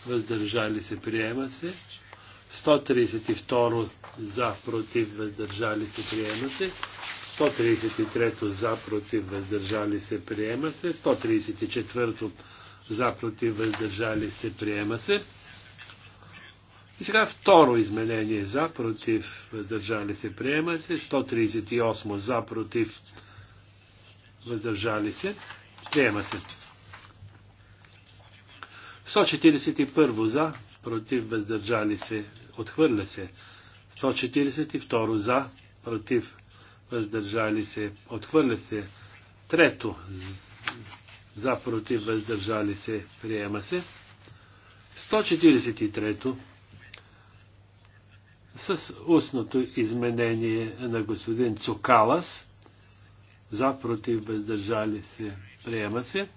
въздържали се, приема се, 132 за против въздържали се, приема се, 133 за против въздържали се, приема се, 134 за против въздържали се, приема се. И сега второ изменение за, против, въздържали се, приема се. 138 за, против, въздържали се, приема се. 141 за, против, въздържали се, отхвърля се. 142 за, против, въздържали се, отхвърля се. Трето, за, против, въздържали се, приема се. 143 с устното изменение на господин Цукалас. За, против, въздържали се, приема се.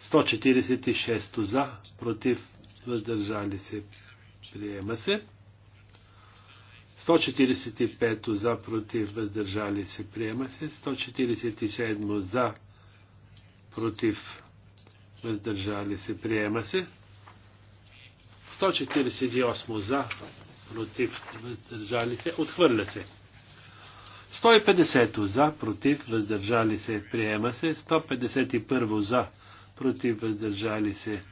146 за, против, въздържали се, приема се. 145 за, против, въздържали се, приема се. 147 за, против, въздържали се, приема се. 148 за, против, въздържали се, отхвърля се. 150 за, против, въздържали се, приема се. 151 за, против, въздържали се,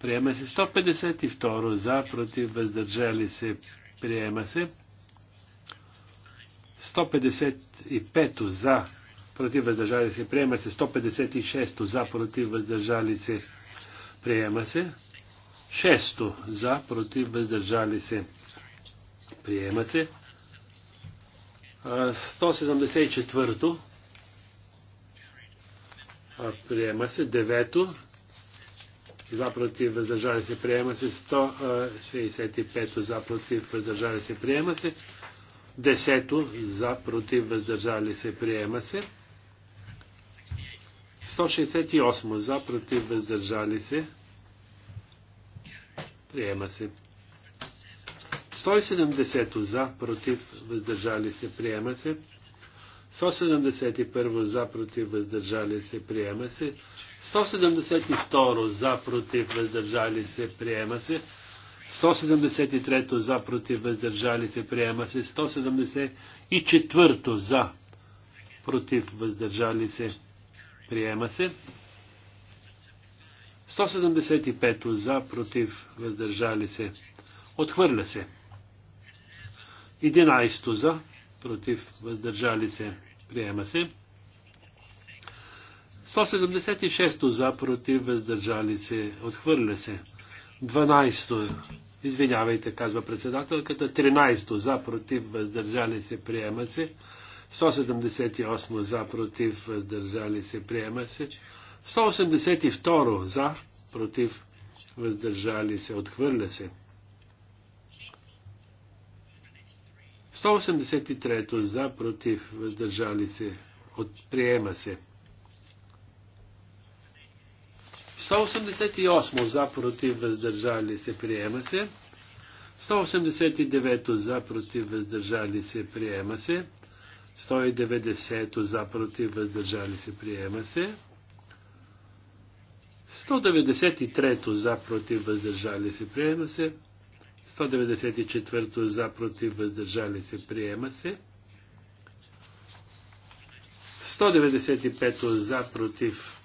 приема се. 152 за, против, въздържали се, приема се. 155 за, против, въздържали се, приема се. 156 за, против, въздържали се, приема се. 6 за, против, въздържали се, приема се. 174-то приема се. 9-то за против въздържали се приема се. 165-то за против въздържали се приема се. 10-то за против въздържали се приема се. 168 за против въздържали се. Приема се. 170 за, против, въздържали се, приема се. 171 за, против, въздържали се, приема се. 172 за, против, въздържали се, приема се. 173 за, против, въздържали се, приема се. 174 за, против, въздържали се, приема се. 175 за, против, въздържали се, отхвърля се. 11 за, против, въздържали се, приема се. 176 за, против, въздържали се, отхвърля се. 12 извинявайте, казва председателката, 13 за, против, въздържали се, приема се. 178 за, против, въздържали се, приема се. 182 за, против, въздържали се, отхвърля се. 183 за, против, въздържали се, от, приема се. 188 за, против, въздържали се, приема се. 189 за, против, въздържали се, приема се. 190 за, против, въздържали се, приема се. 193 за, против, въздържали се, приема се. 194 за, против, въздържали се, приема се. 195 за, против,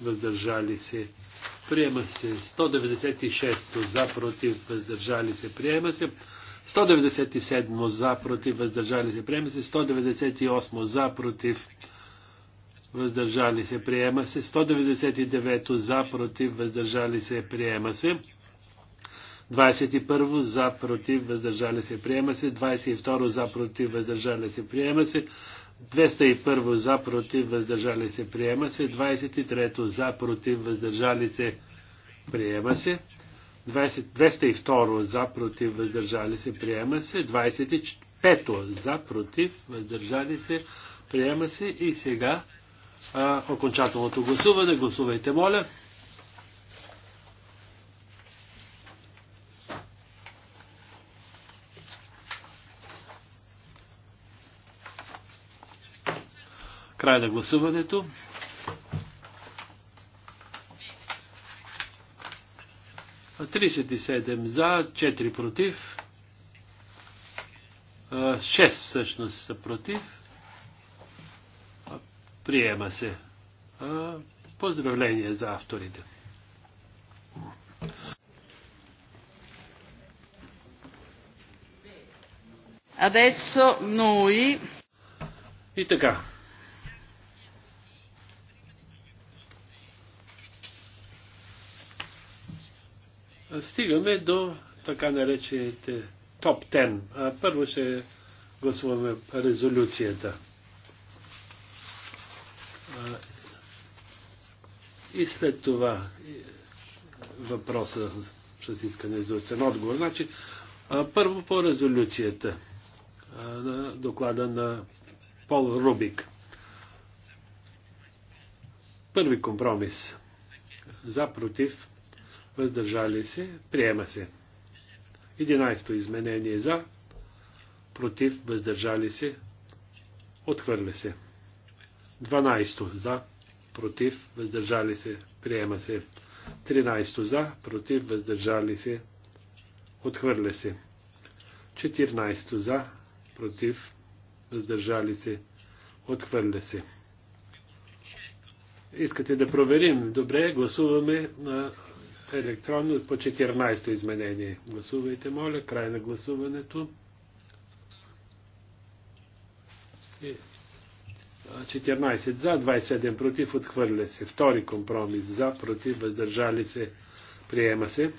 въздържали се, приема се. 196 за, против, въздържали се, приема се. 197 за, против, въздържали се, приема се. 198 за, против, въздържали се, приема се. 199 за, против, въздържали се, приема се. 21 за, против, въздържали се, приема се. 22 за, против, въздържали се, приема се. 201 за, против, въздържали се, приема се. 23 за, против, въздържали се, приема се. 202 за, против, въздържали се, приема се. 25 за, против, въздържали се, приема се. И сега а, окончателното гласуване. Гласувайте, моля. Край на гласуването. А 37 за, 4 против. 6 всъщност са против. Приема се. Поздравление за авторите. Adesso noi. И така. стигаме до така наречените топ 10. А първо ще гласуваме резолюцията. И след това въпроса с искане за оцен отговор. Значи, първо по резолюцията на доклада на Пол Рубик. Първи компромис. За, против, въздържали се, приема се. 11 изменение за, против, въздържали се, отхвърля се. 12 за, против, въздържали се, приема се. 13 за, против, въздържали се, отхвърля се. 14 за, против, въздържали се, отхвърля се. Искате да проверим? Добре, гласуваме на електронно по 14-то изменение. Гласувайте, моля, край на гласуването. 14 за, 27 против, отхвърля се. Втори компромис за, против, въздържали се, приема се.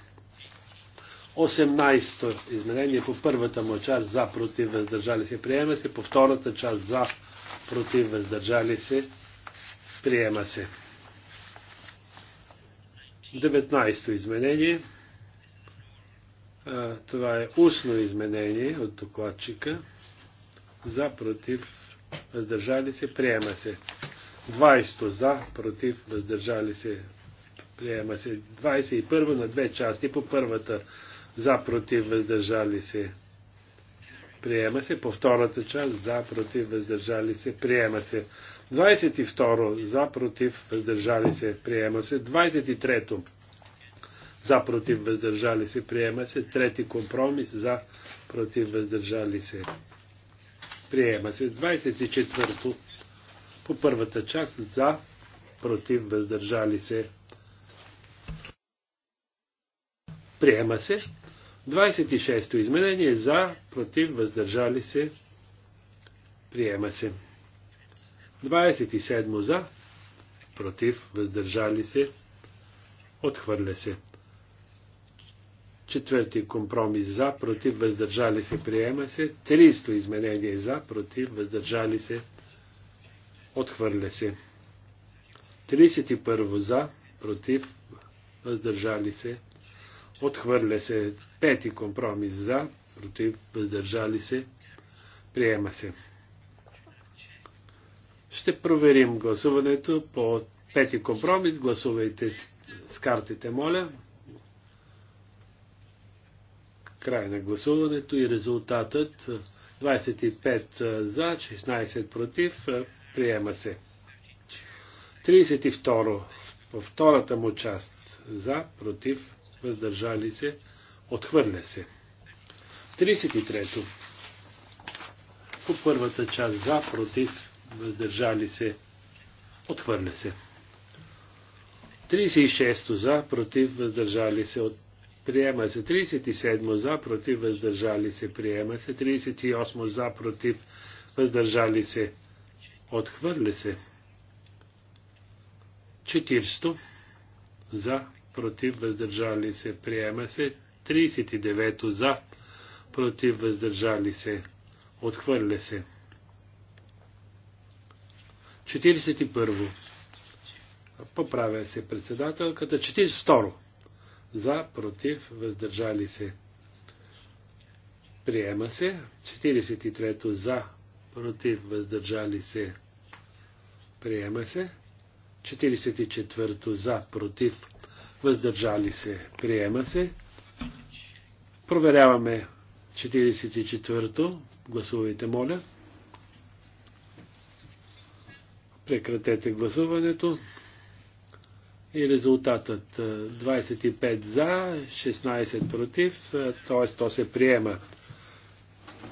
18-то изменение по първата му част за, против, въздържали се, приема се. По втората част за, против, въздържали се, приема се. 19-то изменение. това е устно изменение от докладчика. За, против, въздържали се, приема се. 20-то за, против, въздържали се, приема се. 21 на две части по първата за, против, въздържали се, Приема се по втората част за, против, въздържали се, приема се. 22 за, против, въздържали се, приема се. 23 за, против, въздържали се, приема се. Трети компромис за, против, въздържали се, приема се. 24 по първата част за, против, въздържали се, приема се. 26-то изменение за, против, въздържали се, приема се. 27 за, против, въздържали се, отхвърля се. Четвърти компромис за, против, въздържали се, приема се. 300 изменение за, против, въздържали се, отхвърля се. 31 за, против, въздържали се, Отхвърля се пети компромис за, против, въздържали се, приема се. Ще проверим гласуването по пети компромис. Гласувайте с картите, моля. Край на гласуването и резултатът 25 за, 16 против, приема се. 32 по втората му част за, против, въздържали се, отхвърля се. 33 По първата част за, против, въздържали се, отхвърля се. 36 за, против, въздържали се, от... приема се. 37 за, против, въздържали се, приема се. 38 за, против, въздържали се, отхвърля се. 40 за, против, въздържали се, приема се. 39 за, против, въздържали се, отхвърля се. 41. Поправя се председателката. 42. За, против, въздържали се. Приема се. 43. За, против, въздържали се. Приема се. 44. За, против, въздържали се, приема се. Проверяваме 44-то. Гласувайте, моля. Прекратете гласуването. И резултатът 25 за, 16 против, т.е. то се приема.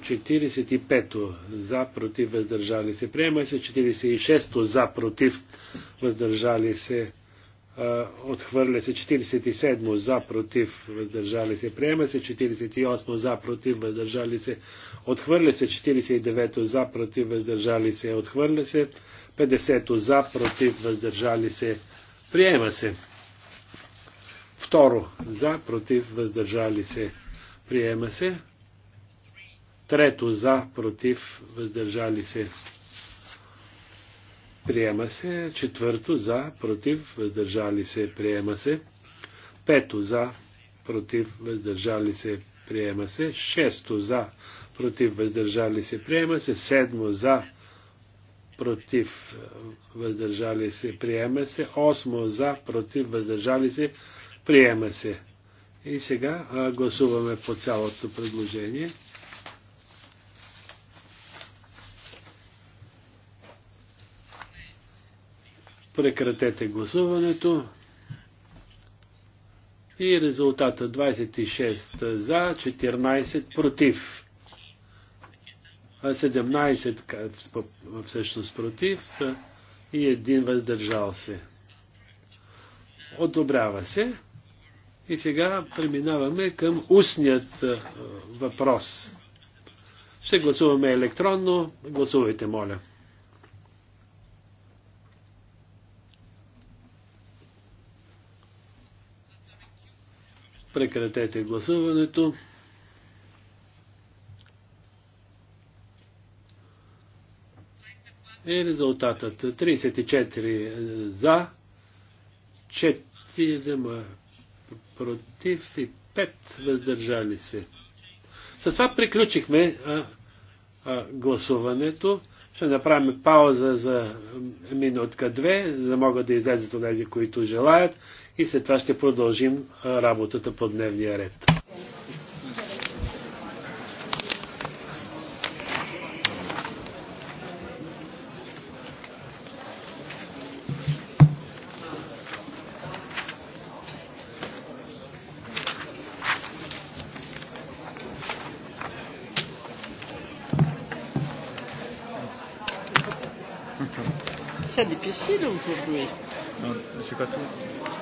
45-то за, против, въздържали се. Приема се 46-то за, против, въздържали се. Отхвърля се 47 за, против, въздържали се. Приема се 48 за, против, въздържали се. Отхвърля се 49 за, против, въздържали се. Отхвърля се 50 за, против, въздържали се. Приема се. Второ. За, против, въздържали се. Приема се. Трето. За, против, въздържали се приема се. Четвърто за, против, въздържали се, приема се. Пето за, против, въздържали се, приема се. Шесто за, против, въздържали се, приема се. Седмо за, против, въздържали се, приема се. Осмо за, против, въздържали се, приема се. И сега а, гласуваме по цялото предложение. Прекратете гласуването. И резултата 26 за, 14 против. 17 всъщност против и един въздържал се. Одобрява се. И сега преминаваме към устният въпрос. Ще гласуваме електронно. Гласувайте, моля. Прекратете гласуването. И резултатът 34 е е, за, 4 против и 5 въздържали се. С това приключихме а, а, гласуването. Ще направим пауза за минутка-две, за да могат да излезат от тези, които желаят и след това ще продължим работата по дневния ред. C'est difficile aujourd'hui. Non, je sais pas tout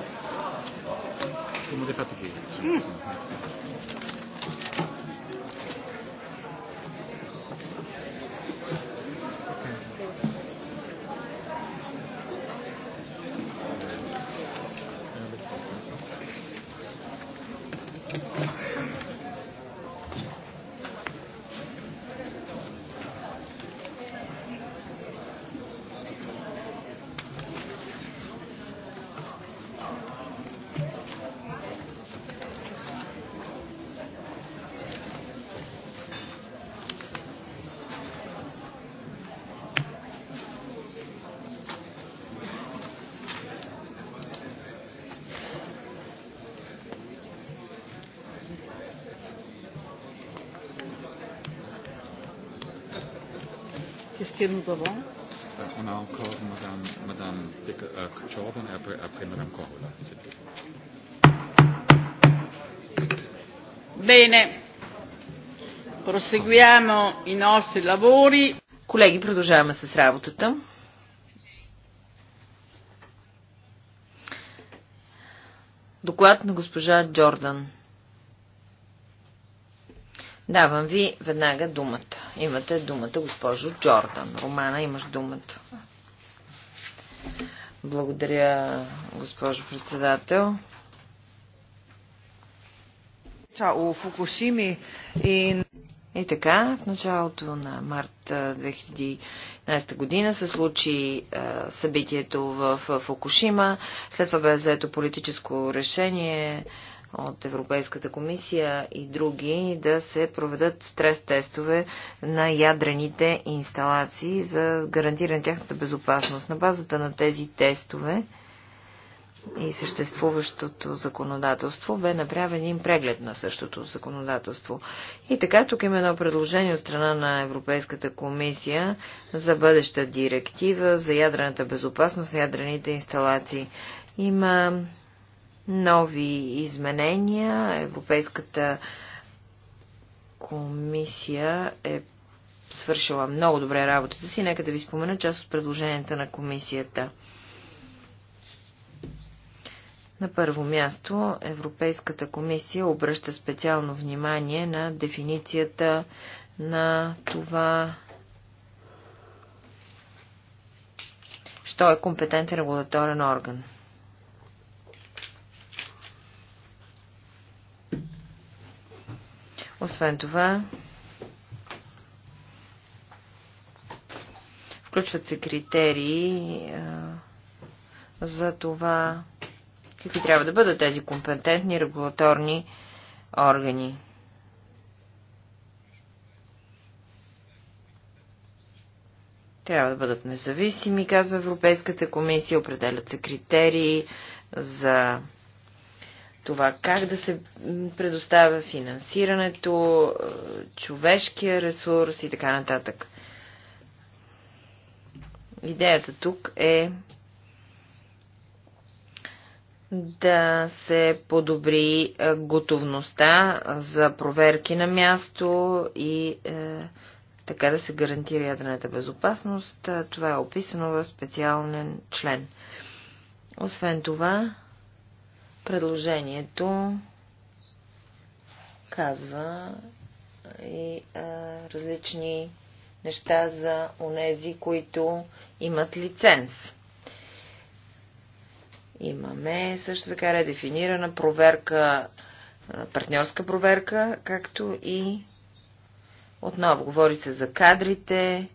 siamo you. que nous avons On a encore Madame, Madame euh, Jordan et après, après Madame Corolla. Bene, proseguiamo i nostri lavori. Колеги, продължаваме с работата. Доклад на госпожа Джордан. Давам ви веднага думата. Имате думата, госпожо Джордан. Романа, имаш думата. Благодаря, госпожо председател. И така, в началото на март 2011 година се случи е, събитието в, в Фукушима. След това бе взето политическо решение от Европейската комисия и други да се проведат стрес-тестове на ядрените инсталации за гарантиране тяхната безопасност. На базата на тези тестове и съществуващото законодателство бе направен един преглед на същото законодателство. И така, тук има едно предложение от страна на Европейската комисия за бъдеща директива за ядрената безопасност на ядрените инсталации. Има нови изменения. Европейската комисия е свършила много добре работата си. Нека да ви спомена част от предложенията на комисията. На първо място Европейската комисия обръща специално внимание на дефиницията на това, що е компетентен регулаторен орган. Освен това, включват се критерии а, за това какви трябва да бъдат тези компетентни регулаторни органи. Трябва да бъдат независими, казва Европейската комисия, определят се критерии за това как да се предоставя финансирането, човешкия ресурс и така нататък. Идеята тук е да се подобри е, готовността за проверки на място и е, така да се гарантира ядрената безопасност. Е, това е описано в специален член. Освен това, Предложението казва и а, различни неща за онези, които имат лиценз. Имаме също така редефинирана проверка, партньорска проверка, както и отново говори се за кадрите,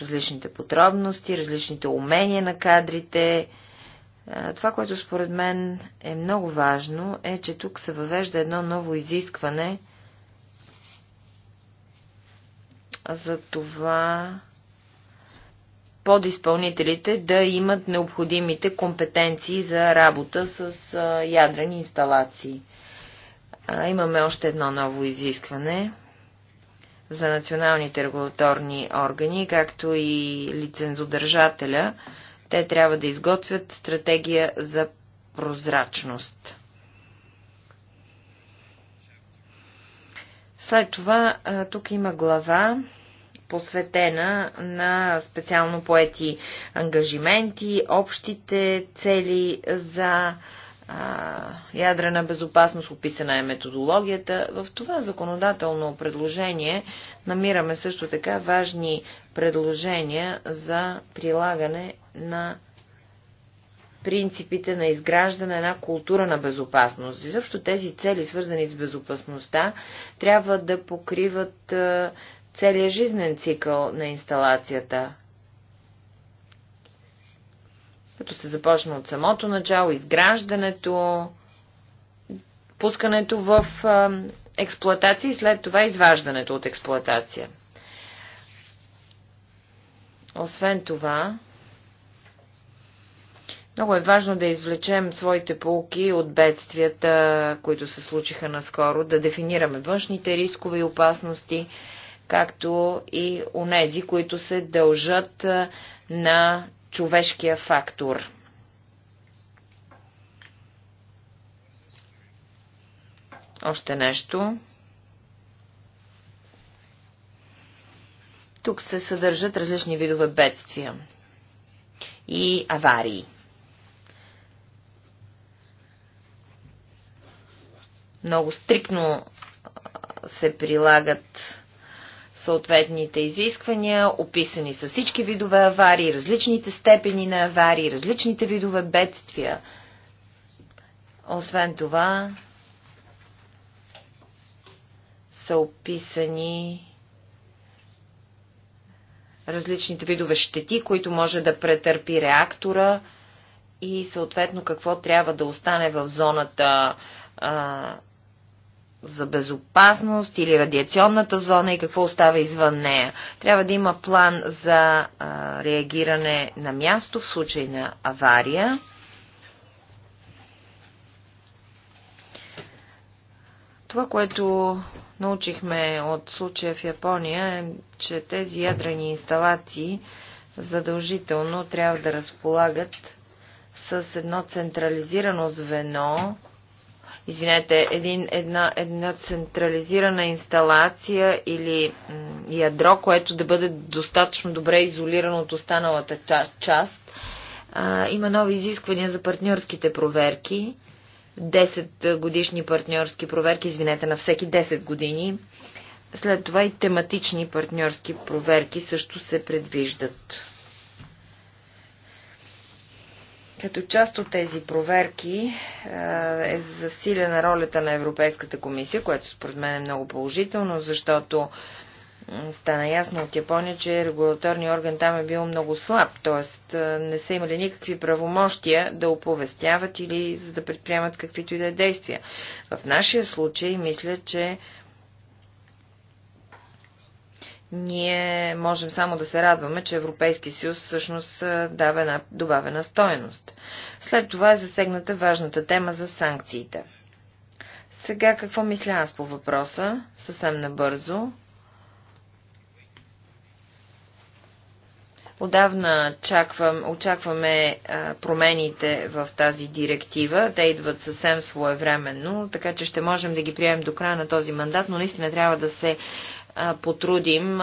различните подробности, различните умения на кадрите, това, което според мен е много важно, е, че тук се въвежда едно ново изискване за това подизпълнителите да имат необходимите компетенции за работа с ядрени инсталации. Имаме още едно ново изискване за националните регулаторни органи, както и лицензодържателя – те трябва да изготвят стратегия за прозрачност. След това тук има глава, посветена на специално поети ангажименти, общите цели за а, ядрена безопасност, описана е методологията. В това законодателно предложение намираме също така важни предложения за прилагане на принципите на изграждане на култура на безопасност. И също тези цели, свързани с безопасността, трябва да покриват целият жизнен цикъл на инсталацията като се започне от самото начало, изграждането, пускането в експлоатация и след това изваждането от експлоатация. Освен това, много е важно да извлечем своите полки от бедствията, които се случиха наскоро, да дефинираме външните рискове и опасности, както и онези, които се дължат на човешкия фактор. Още нещо. Тук се съдържат различни видове бедствия и аварии. Много стрикно се прилагат съответните изисквания, описани са всички видове аварии, различните степени на аварии, различните видове бедствия. Освен това, са описани различните видове щети, които може да претърпи реактора и съответно какво трябва да остане в зоната а, за безопасност или радиационната зона и какво остава извън нея. Трябва да има план за а, реагиране на място в случай на авария. Това, което научихме от случая в Япония е, че тези ядрени инсталации задължително трябва да разполагат с едно централизирано звено, извинете, един, една, една централизирана инсталация или ядро, което да бъде достатъчно добре изолирано от останалата част. А, има нови изисквания за партньорските проверки. 10 годишни партньорски проверки, извинете, на всеки 10 години. След това и тематични партньорски проверки също се предвиждат. Като част от тези проверки е, е засилена ролята на Европейската комисия, което според мен е много положително, защото стана ясно от Япония, че регулаторният орган там е бил много слаб, т.е. не са имали никакви правомощия да оповестяват или за да предприемат каквито и да е действия. В нашия случай мисля, че ние можем само да се радваме, че Европейски съюз всъщност дава една добавена стоеност. След това е засегната важната тема за санкциите. Сега какво мисля аз по въпроса? Съвсем набързо. Отдавна чаквам, очакваме а, промените в тази директива. Те идват съвсем своевременно, така че ще можем да ги приемем до края на този мандат, но наистина трябва да се потрудим.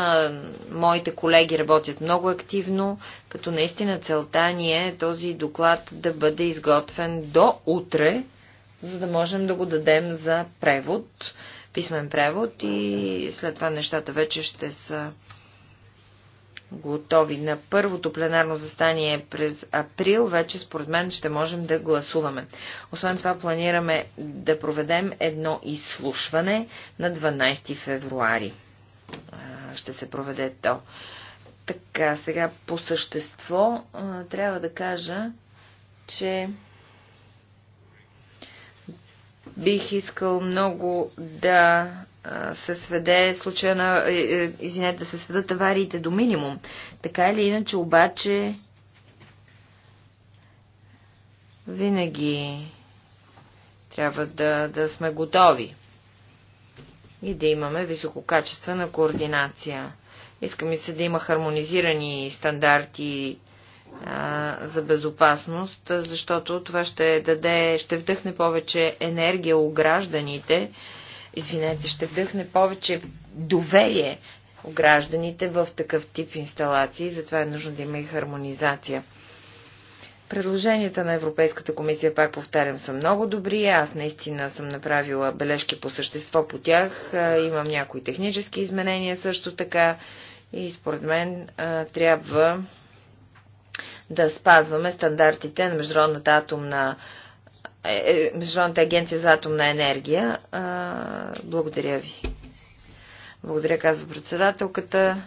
Моите колеги работят много активно, като наистина целта ни е този доклад да бъде изготвен до утре, за да можем да го дадем за превод, писмен превод и след това нещата вече ще са готови. На първото пленарно застание през април вече според мен ще можем да гласуваме. Освен това планираме да проведем едно изслушване на 12 февруари ще се проведе то. Така, сега по същество трябва да кажа, че бих искал много да се сведе случая на, е, е, извинете, да се сведат авариите до минимум. Така или иначе, обаче, винаги трябва да, да сме готови и да имаме висококачествена координация. Иска ми се да има хармонизирани стандарти а, за безопасност, защото това ще даде, ще вдъхне повече енергия у гражданите, извинете, ще вдъхне повече доверие у гражданите в такъв тип инсталации, затова е нужно да има и хармонизация. Предложенията на Европейската комисия, пак повтарям, са много добри. Аз наистина съм направила бележки по същество по тях. Имам някои технически изменения също така. И според мен трябва да спазваме стандартите на Международната атомна е, е, Международната агенция за атомна енергия. Благодаря ви. Благодаря, казва председателката.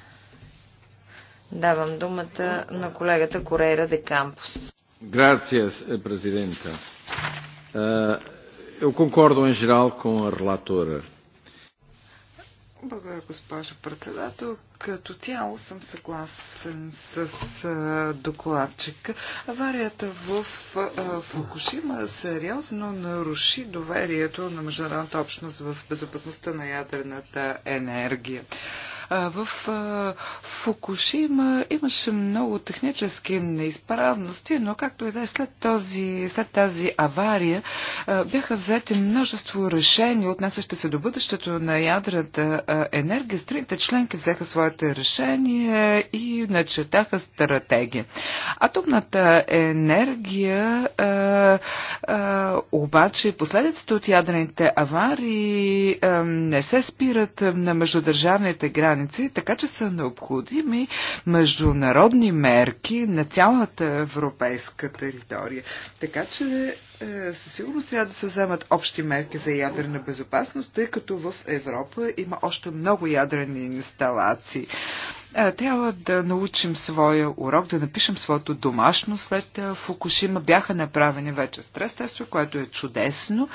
Давам думата на колегата Корейра де Кампус. Grazie, Presidenta. Eh, eu concordo Благодаря, госпожо председател. Като цяло съм съгласен с докладчика. Аварията в Фукушима сериозно наруши доверието на международната общност в безопасността на ядрената енергия. В Фукушима имаше много технически неизправности, но както и да е след, този, след тази авария бяха взети множество решения, отнасящи се до бъдещето на ядрата енергия. Страните членки взеха своите решения и начертаха стратегия. Атомната енергия а, а, обаче последиците от ядрените аварии а, не се спират на междудържавните граници граници, така че са необходими международни мерки на цялата европейска територия. Така че е, със сигурност трябва да се вземат общи мерки за ядрена безопасност, тъй като в Европа има още много ядрени инсталации. Трябва да научим своя урок, да напишем своето домашно. След Фукушима бяха направени вече стрес тестове, което е чудесно,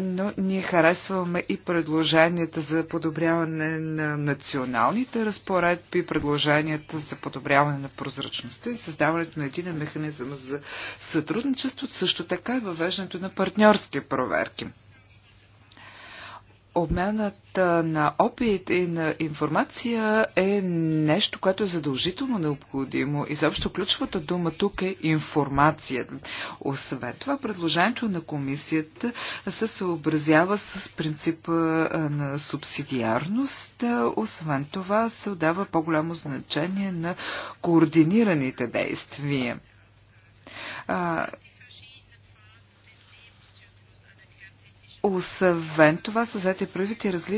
но ние харесваме и предложенията за подобряване на националните разпоредби, предложенията за подобряване на прозрачността и създаването на един механизъм за сътрудничество, също така и въвеждането на партньорски проверки. Обменът на опит и на информация е нещо, което е задължително необходимо. И заобщо ключовата дума тук е информация. Освен това, предложението на комисията се съобразява с принципа на субсидиарност. Освен това, се отдава по-голямо значение на координираните действия Освен това са взети правите различните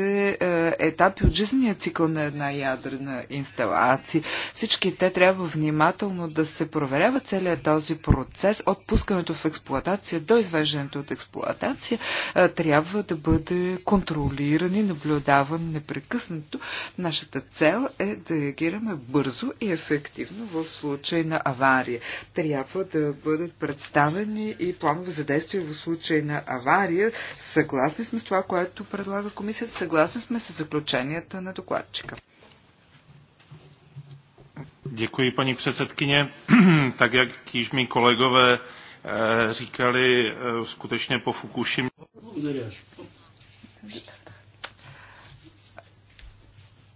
различните етапи от жизнения цикъл на една ядрена инсталация. Всички те трябва внимателно да се проверява целият този процес от пускането в експлоатация до извеждането от експлоатация. Е, трябва да бъде контролиран и наблюдаван непрекъснато. Нашата цел е да реагираме бързо и ефективно в случай на авария. Трябва да бъдат представени и планове за действие в случай на авария ние съгласни сме с това, което предлага комисията, съгласни сме с заключенията на докладчика. Děkuji, paní předsedkyně. tak, jak již mi kolegové e, říkali, e, skutečně po Fukušimě.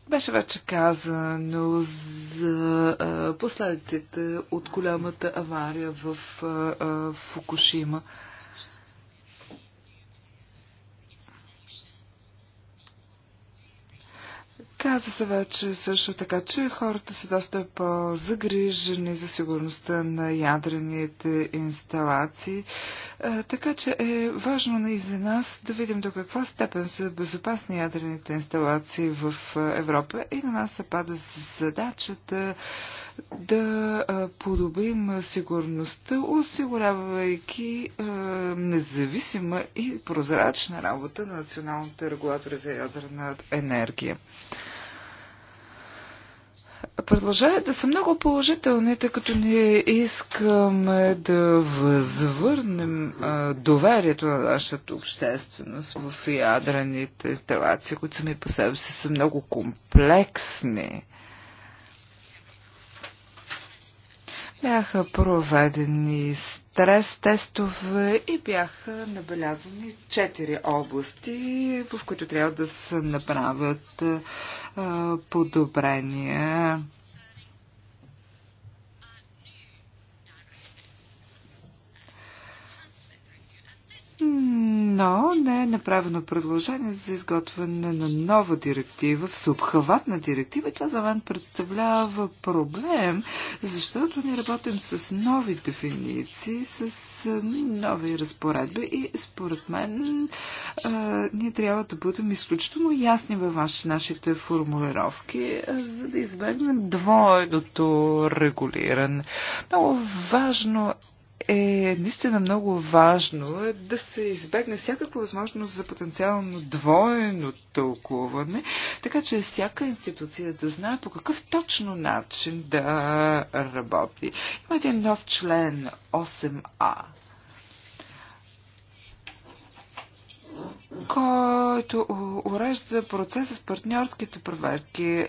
Беше вече казано за е, последиците от голямата авария в е, е, Фукушима. Каза се вече също така, че хората са доста по-загрижени за сигурността на ядрените инсталации, така че е важно и за нас да видим до каква степен са безопасни ядрените инсталации в Европа и на нас се пада задачата да подобрим сигурността, осигурявайки независима и прозрачна работа на националните регулатори за ядрена енергия. Предложенията са много положителни, тъй като ние искаме да възвърнем доверието на нашата общественост в ядрените инсталации, които сами по себе си са много комплексни. Бяха проведени стрес тестове и бяха набелязани четири области, в които трябва да се направят подобрения. но не е направено предложение за изготвяне на нова директива, в на директива. Това за мен представлява проблем, защото ние работим с нови дефиниции, с нови разпоредби и според мен ние трябва да бъдем изключително ясни във нашите формулировки, за да избегнем двойното регулиране. Много важно е наистина много важно е да се избегне всякаква възможност за потенциално двойно тълкуване, така че всяка институция да знае по какъв точно начин да работи. Има един нов член 8а който урежда процеса с партньорските проверки. Е,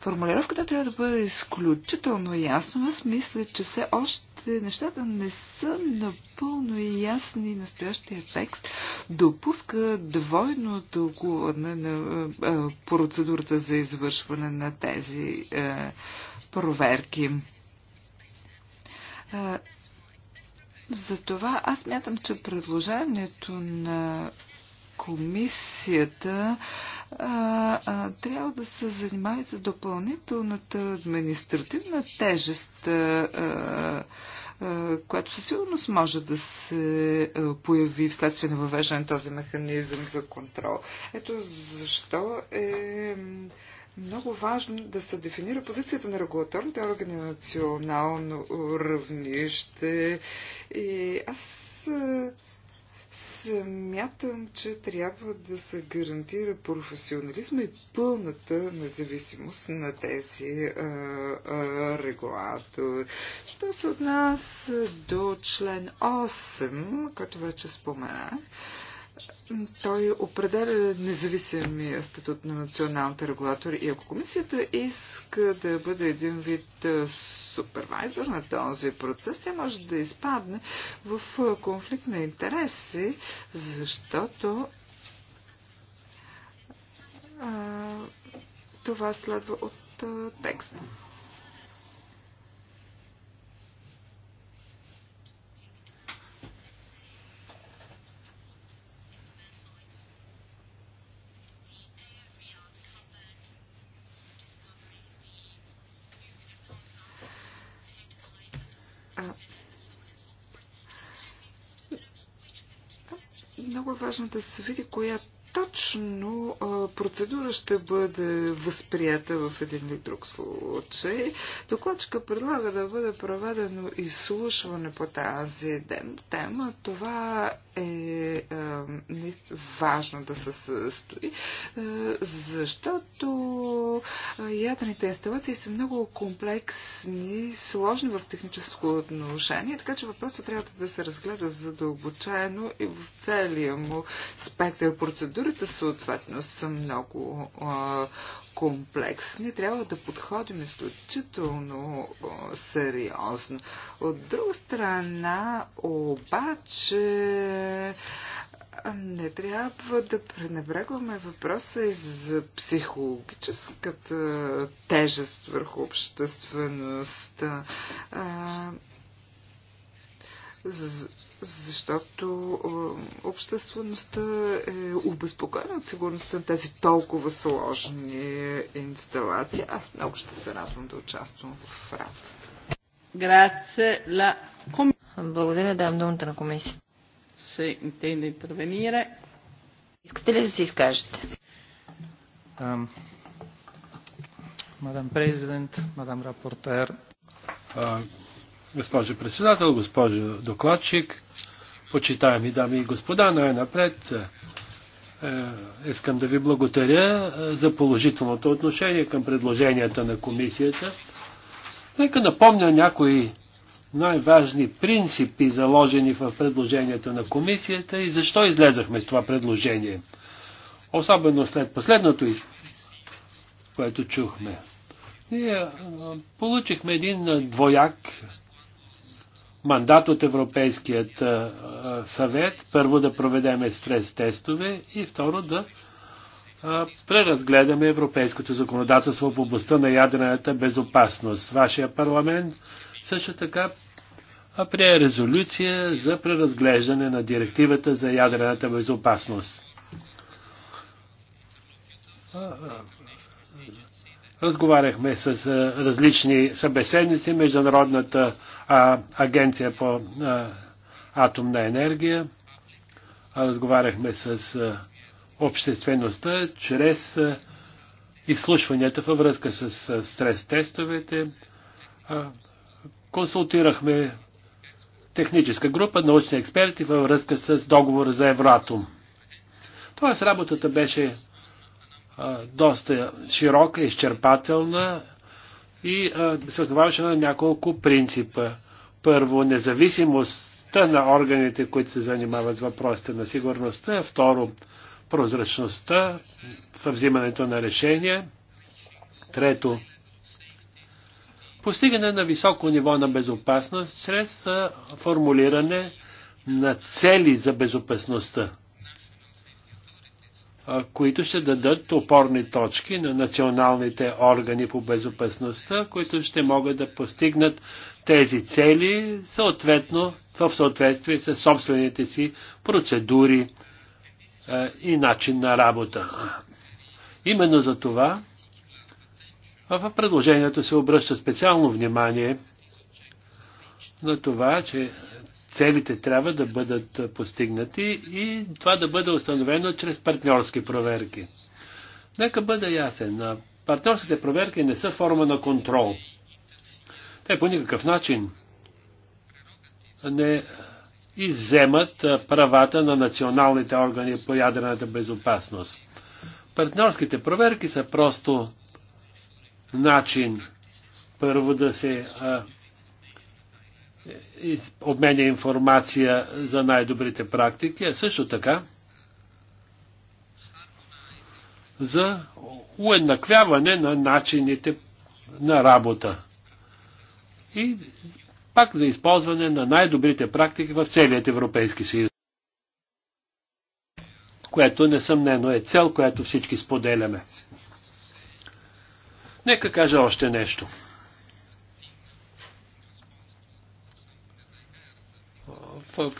формулировката трябва да бъде изключително ясна. Аз мисля, че все още нещата не са напълно ясни. Настоящия текст допуска двойно тълкуване на е, е, процедурата за извършване на тези проверки. Затова аз мятам, че предложението на комисията а, а, трябва да се занимава с допълнителната административна тежест, а, а, която със сигурност може да се появи вследствие на въвеждане този механизъм за контрол. Ето защо е много важно да се дефинира позицията на регулаторните органи на национално равнище. И аз Смятам, че трябва да се гарантира професионализма и пълната независимост на тези а, а, регулатори. Що се отнася до член 8, който вече споменах, той определя независимия статут на националните регулатори. И ако комисията иска да бъде един вид супервайзор на този процес, тя може да изпадне в конфликт на интереси, защото а, това следва от а, текста. започна е да се види коя точно процедура ще бъде възприята в един или друг случай. Докладчика предлага да бъде проведено изслушване по тази тема. Това е, е важно да се състои, защото ядрените инсталации са много комплексни, сложни в техническо отношение, така че въпросът трябва да се разгледа задълбочено и в целия му спектър процедура процедурата съответно са много а, комплексни. Трябва да подходим изключително а, сериозно. От друга страна, обаче, не трябва да пренебрегваме въпроса и за психологическата тежест върху обществеността защото обществеността е обезпокоена от сигурността на тези толкова сложни инсталации. Аз много ще се радвам да участвам в работата. Благодаря, давам думата на комисия. Искате ли да се изкажете? мадам президент, мадам рапортер, Госпожо председател, госпожо докладчик, почитаеми дами и господа, най-напред е, искам да ви благодаря е, за положителното отношение към предложенията на комисията. Нека напомня някои най-важни принципи, заложени в предложението на комисията и защо излезахме с това предложение. Особено след последното, което чухме. Ние е, получихме един е, двояк мандат от Европейският съвет, първо да проведеме стрес тестове и второ да преразгледаме европейското законодателство в областта на ядрената безопасност. Вашия парламент също така прие резолюция за преразглеждане на директивата за ядрената безопасност. Разговаряхме с различни събеседници, Международната агенция по атомна енергия. Разговаряхме с обществеността чрез изслушванията във връзка с стрес-тестовете. Консултирахме техническа група, научни експерти във връзка с договора за евроатом. Тоест работата беше доста широка, изчерпателна и се основаваше на няколко принципа. Първо, независимостта на органите, които се занимават с въпросите на сигурността. Второ, прозрачността в взимането на решения. Трето, постигане на високо ниво на безопасност чрез формулиране на цели за безопасността които ще дадат опорни точки на националните органи по безопасността, които ще могат да постигнат тези цели съответно в съответствие с собствените си процедури и начин на работа. Именно за това в предложението се обръща специално внимание на това, че целите трябва да бъдат постигнати и това да бъде установено чрез партньорски проверки. Нека бъда ясен. Партньорските проверки не са форма на контрол. Те по никакъв начин не изземат правата на националните органи по ядрената безопасност. Партньорските проверки са просто начин първо да се обменя информация за най-добрите практики, а също така за уеднаквяване на начините на работа и пак за използване на най-добрите практики в целият Европейски съюз, което несъмнено е цел, която всички споделяме. Нека кажа още нещо – в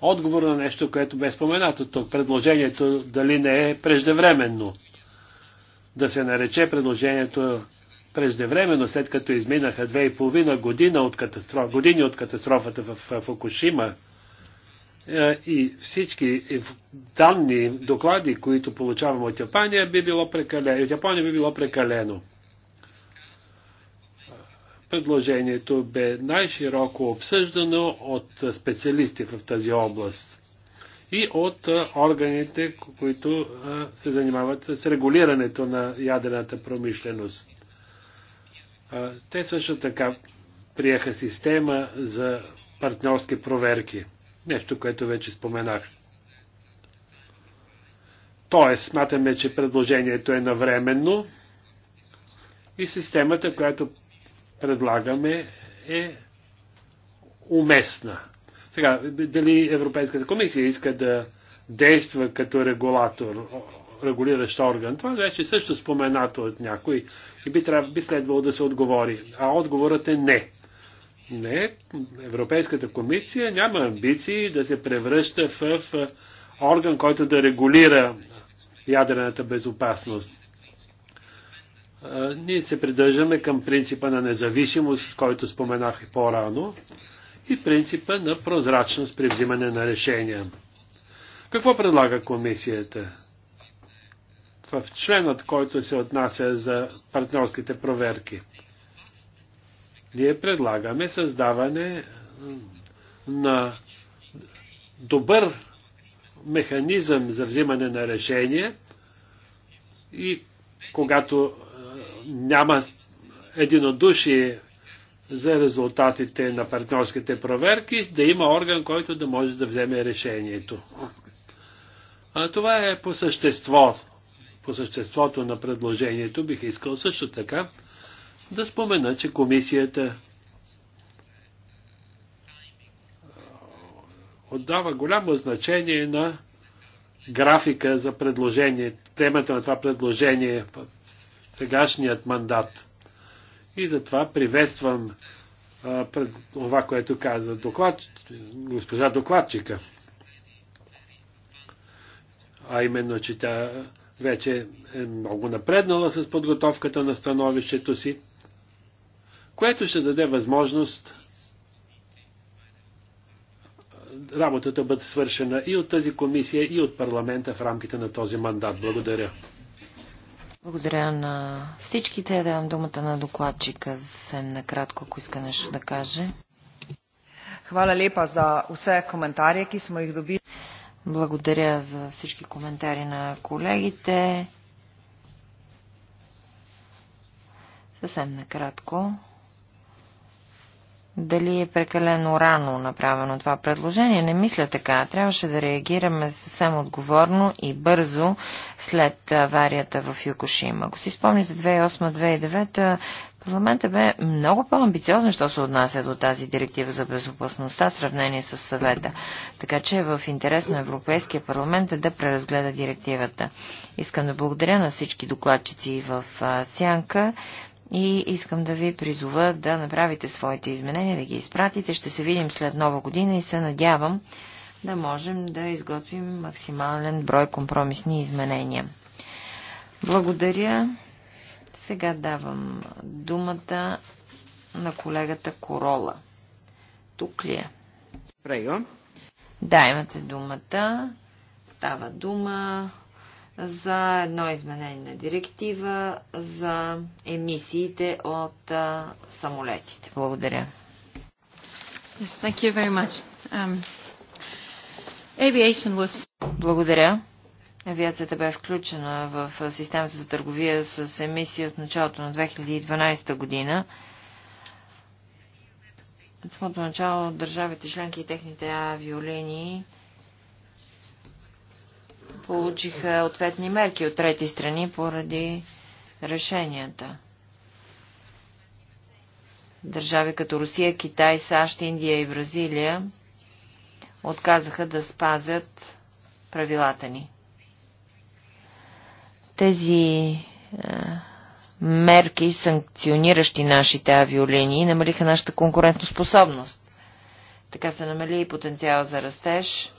отговор на нещо, което бе споменато тук. Предложението дали не е преждевременно. Да се нарече предложението преждевременно, след като изминаха две и половина година от катастроф... години от катастрофата в Фукушима е, и всички данни, доклади, които получаваме от Япония, би било прекалено. От Япония би било прекалено. Предложението бе най-широко обсъждано от специалисти в тази област и от органите, които се занимават с регулирането на ядрената промишленост. Те също така приеха система за партньорски проверки. Нещо, което вече споменах. Тоест, смятаме, че предложението е навременно и системата, която предлагаме е уместна. Сега, дали Европейската комисия иска да действа като регулатор, регулиращ орган, това вече също споменато от някой и би, трябва, би следвало да се отговори. А отговорът е не. Не, Европейската комисия няма амбиции да се превръща в орган, който да регулира ядрената безопасност ние се придържаме към принципа на независимост, който споменах и по-рано, и принципа на прозрачност при взимане на решения. Какво предлага комисията? В членът, който се отнася за партньорските проверки, ние предлагаме създаване на добър механизъм за взимане на решения и когато няма единодушие за резултатите на партньорските проверки, да има орган, който да може да вземе решението. А това е по същество. По съществото на предложението бих искал също така да спомена, че комисията отдава голямо значение на графика за предложение, темата на това предложение сегашният мандат. И затова приветствам а, пред това, което каза доклад, госпожа докладчика. А именно, че тя вече е много напреднала с подготовката на становището си, което ще даде възможност работата бъде свършена и от тази комисия, и от парламента в рамките на този мандат. Благодаря. Благодаря на всички. Те давам думата на докладчика съвсем накратко, ако иска нещо да каже. Хвала лепа за все коментари, ки сме их добили. Благодаря за всички коментари на колегите. Съвсем накратко дали е прекалено рано направено това предложение. Не мисля така. Трябваше да реагираме съвсем отговорно и бързо след аварията в Юкошима. Ако си спомните 2008-2009, парламентът бе много по-амбициозен, що се отнася до тази директива за безопасността, в сравнение с съвета. Така че е в интерес на Европейския парламент е да преразгледа директивата. Искам да благодаря на всички докладчици в Сянка и искам да ви призова да направите своите изменения, да ги изпратите. Ще се видим след нова година и се надявам да можем да изготвим максимален брой компромисни изменения. Благодаря. Сега давам думата на колегата Корола. Тук ли е? Прего. Да, имате думата. Става дума за едно изменение на директива за емисиите от а, самолетите. Благодаря. Yes, thank you very much. Um, aviation was... Благодаря. Авиацията бе включена в системата за търговия с емисии от началото на 2012 година. От самото начало държавите членки и техните авиолинии получиха ответни мерки от трети страни поради решенията. Държави като Русия, Китай, САЩ, Индия и Бразилия отказаха да спазят правилата ни. Тези е, мерки, санкциониращи нашите авиолинии, намалиха нашата конкурентоспособност. Така се намали и потенциал за растеж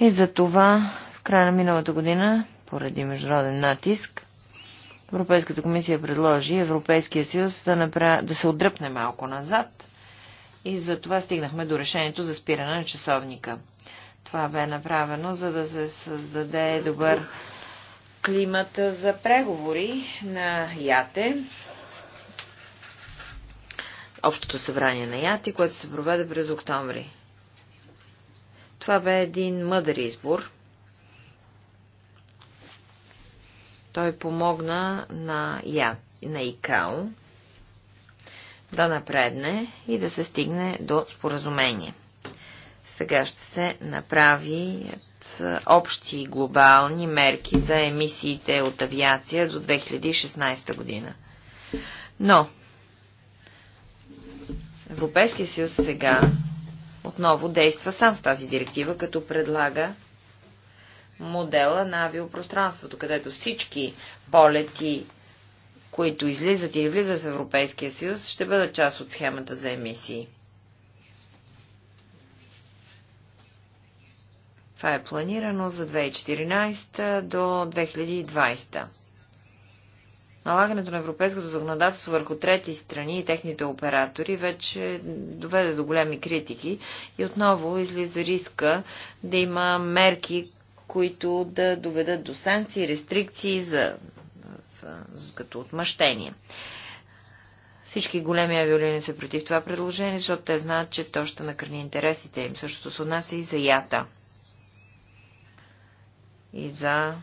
И за това в края на миналата година, поради международен натиск, Европейската комисия предложи Европейския съюз да, напра... да се отдръпне малко назад и за това стигнахме до решението за спиране на часовника. Това бе направено, за да се създаде добър климат за преговори на ЯТЕ, Общото събрание на ЯТИ, което се проведе през октомври. Това бе един мъдър избор. Той помогна на, Я, на ИКАО да напредне и да се стигне до споразумение. Сега ще се направи общи глобални мерки за емисиите от авиация до 2016 година. Но Европейския съюз сега отново действа сам с тази директива, като предлага модела на авиопространството, където всички полети, които излизат или влизат в Европейския съюз, ще бъдат част от схемата за емисии. Това е планирано за 2014 до 2020. Налагането на европейското законодателство върху трети страни и техните оператори вече доведе до големи критики и отново излиза риска да има мерки, които да доведат до санкции, рестрикции за, като отмъщение. Всички големи авиолини са против това предложение, защото те знаят, че то ще накърни интересите им. Същото се отнася и за ята. И за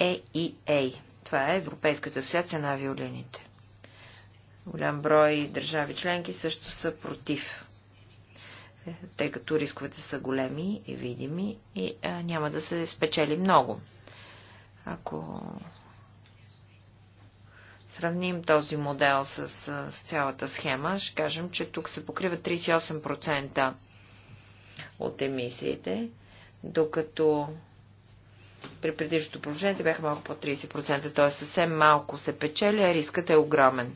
EEA. E това е Европейската асоциация на авиолините. Голям брой държави членки също са против, е, тъй като рисковете са големи и видими и а, няма да се спечели много. Ако сравним този модел с, с цялата схема, ще кажем, че тук се покрива 38% от емисиите, докато при предишното положение те бяха малко по 30%, т.е. съвсем малко се печели, а рискът е огромен.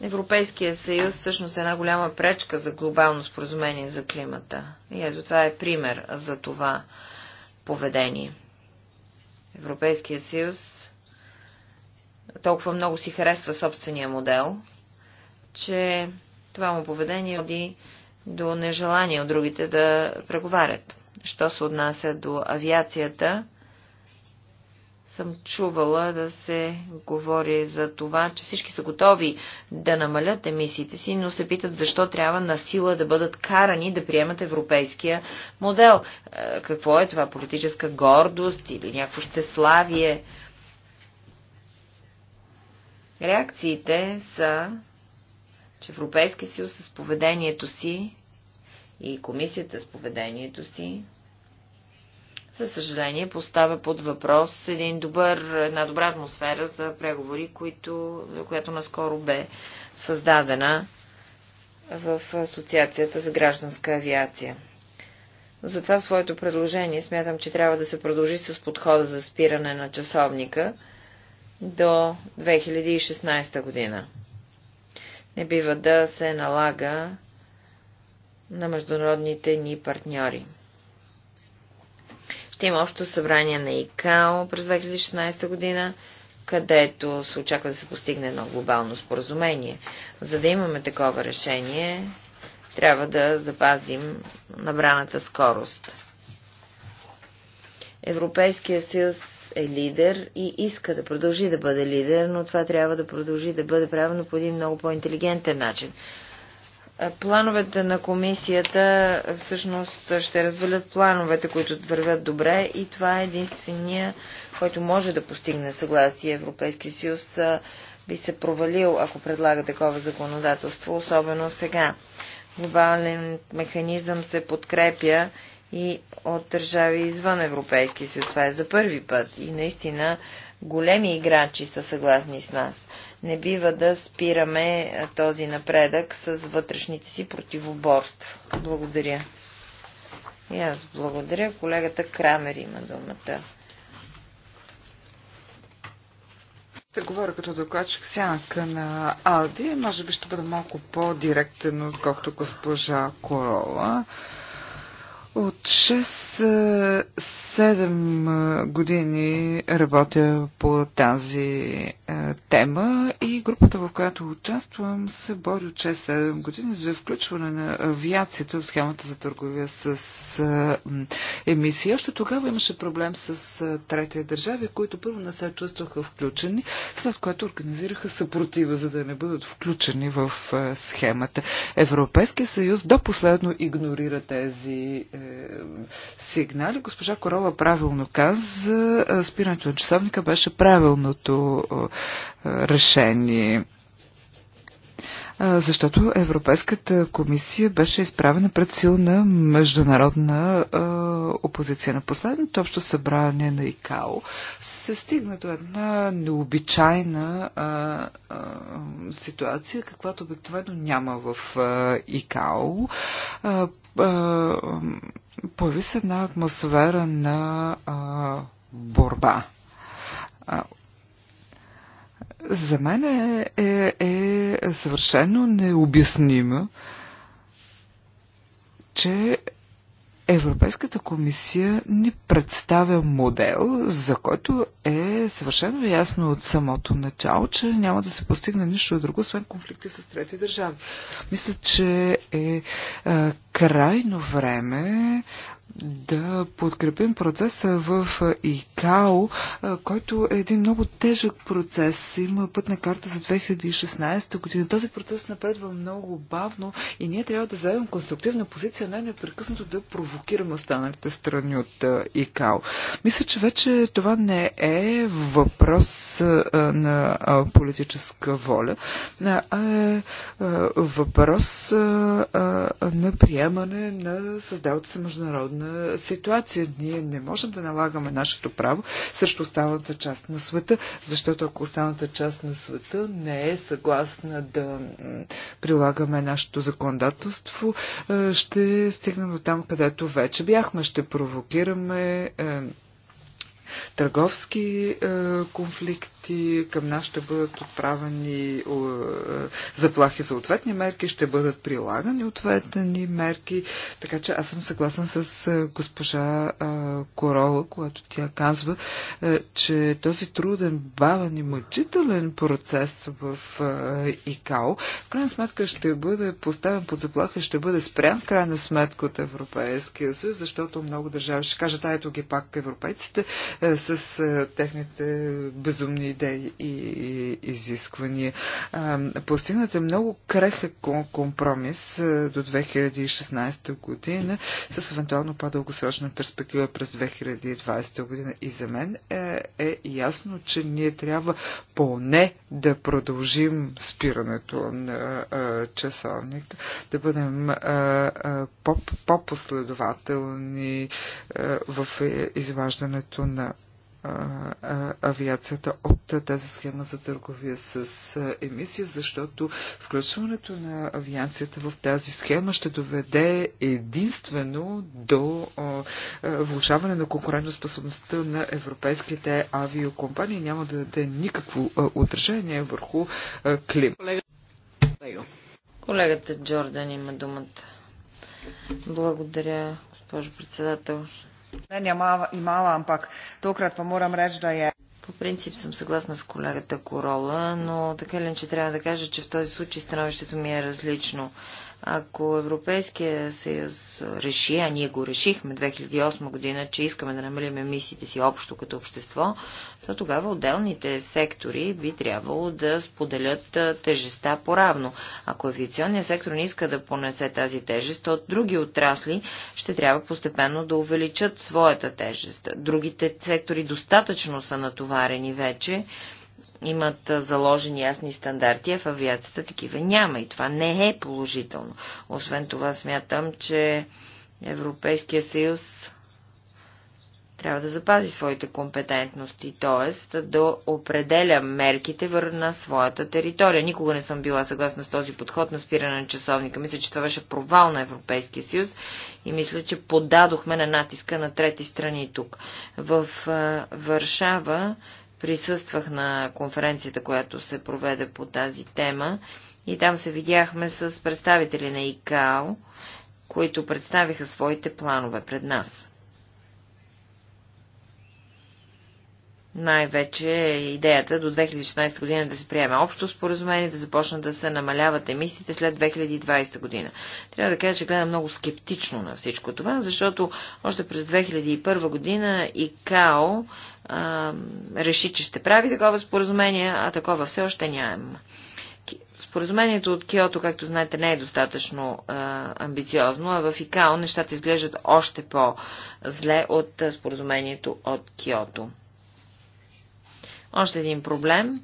Европейския съюз всъщност е една голяма пречка за глобално споразумение за климата. И ето това е пример за това поведение. Европейския съюз толкова много си харесва собствения модел, че това му поведение води до нежелание от другите да преговарят. Що се отнася до авиацията, съм чувала да се говори за това, че всички са готови да намалят емисиите си, но се питат защо трябва на сила да бъдат карани да приемат европейския модел. Е, какво е това? Политическа гордост или някакво щеславие? Реакциите са че Европейския съюз с поведението си и комисията с поведението си, за съжаление, поставя под въпрос един добър, една добра атмосфера за преговори, които, която наскоро бе създадена в Асоциацията за гражданска авиация. Затова своето предложение смятам, че трябва да се продължи с подхода за спиране на часовника до 2016 година не бива да се налага на международните ни партньори. Ще има общо събрание на ИКАО през 2016 година, където се очаква да се постигне едно глобално споразумение. За да имаме такова решение, трябва да запазим набраната скорост. Европейския съюз е лидер и иска да продължи да бъде лидер, но това трябва да продължи да бъде правено по един много по-интелигентен начин. Плановете на комисията всъщност ще развалят плановете, които вървят добре и това е единствения, който може да постигне съгласие. Европейския съюз би се провалил, ако предлага такова законодателство, особено сега. Глобален механизъм се подкрепя и от държави извън Европейски съюз. Това е за първи път и наистина големи играчи са съгласни с нас. Не бива да спираме този напредък с вътрешните си противоборства. Благодаря. И аз благодаря. Колегата Крамер има думата. Ще говоря като докладчик сянка на Алди. Може би ще бъда малко по-директен, отколкото госпожа Корола. От 6-7 години работя по тази тема и групата, в която участвам, се бори от 6-7 години за включване на авиацията в схемата за търговия с емисии. Още тогава имаше проблем с третия държави, които първо не се чувстваха включени, след което организираха съпротива, за да не бъдат включени в схемата. Европейския съюз до последно игнорира тези е, сигнали. Госпожа Корола правилно каза, спирането на часовника беше правилното решение защото Европейската комисия беше изправена пред силна международна опозиция. На последното общо събрание на ИКАО се стигна до една необичайна ситуация, каквато обикновено няма в ИКАО появи се една атмосфера на борба за мен е, е, е съвършено необяснимо, че Европейската комисия ни представя модел, за който е е съвършено ясно от самото начало, че няма да се постигне нищо друго, освен конфликти с трети държави. Мисля, че е а, е, крайно време да подкрепим процеса в е, ИКАО, е, който е един много тежък процес. Има пътна карта за 2016 година. Този процес напредва много бавно и ние трябва да заемем конструктивна позиция, не непрекъснато да провокираме останалите страни от ИКАО. Мисля, че вече това не е въпрос на политическа воля, а е въпрос на приемане на създалата се международна ситуация. Ние не можем да налагаме нашето право срещу останалата част на света, защото ако останалата част на света не е съгласна да прилагаме нашето законодателство, ще стигнем до там, където вече бяхме. Ще провокираме търговски е, конфликти, към нас ще бъдат отправени е, заплахи за ответни мерки, ще бъдат прилагани ответни мерки. Така че аз съм съгласен с е, госпожа е, Корола, която тя казва, е, че този труден, бавен и мъчителен процес в е, ИКАО, в крайна сметка ще бъде поставен под заплаха, ще бъде спрян в крайна сметка от Европейския съюз, защото много държави ще кажат, а ето ги пак европейците, е, с е, техните безумни идеи и изисквания. Постигнат е много крехък компромис е, до 2016 година с евентуално по-дългосрочна перспектива през 2020 година. И за мен е, е ясно, че ние трябва поне да продължим спирането на а, часовник, да бъдем по-последователни в изваждането на авиацията от тази схема за търговия с емисия, защото включването на авиацията в тази схема ще доведе единствено до влушаване на конкурентоспособността на европейските авиокомпании. Няма да даде никакво отражение върху климата. Колегата Джордан има думата. Благодаря, госпожо председател. Mnenja имала, ампак тократ па морам реч да е... По принцип съм съгласна с колегата Корола, но така ли, че трябва да кажа, че в този случай становището ми е различно. Ако Европейския съюз реши, а ние го решихме 2008 година, че искаме да намалим емисиите си общо като общество, то тогава отделните сектори би трябвало да споделят тежеста по-равно. Ако авиационният сектор не иска да понесе тази тежест, то от други отрасли ще трябва постепенно да увеличат своята тежест. Другите сектори достатъчно са натоварени вече имат заложени ясни стандарти, а в авиацията такива няма и това не е положително. Освен това смятам, че Европейския съюз трябва да запази своите компетентности, т.е. да определя мерките на своята територия. Никога не съм била съгласна с този подход на спиране на часовника. Мисля, че това беше провал на Европейския съюз и мисля, че подадохме на натиска на трети страни тук. В Варшава присъствах на конференцията, която се проведе по тази тема и там се видяхме с представители на ИКАО, които представиха своите планове пред нас. най-вече идеята до 2016 година да се приеме общо споразумение, да започнат да се намаляват емисиите след 2020 година. Трябва да кажа, че гледам много скептично на всичко това, защото още през 2001 година ИКАО а, реши, че ще прави такова споразумение, а такова все още няма. Споразумението от Киото, както знаете, не е достатъчно а, амбициозно, а в ИКАО нещата изглеждат още по-зле от споразумението от Киото. Още един проблем.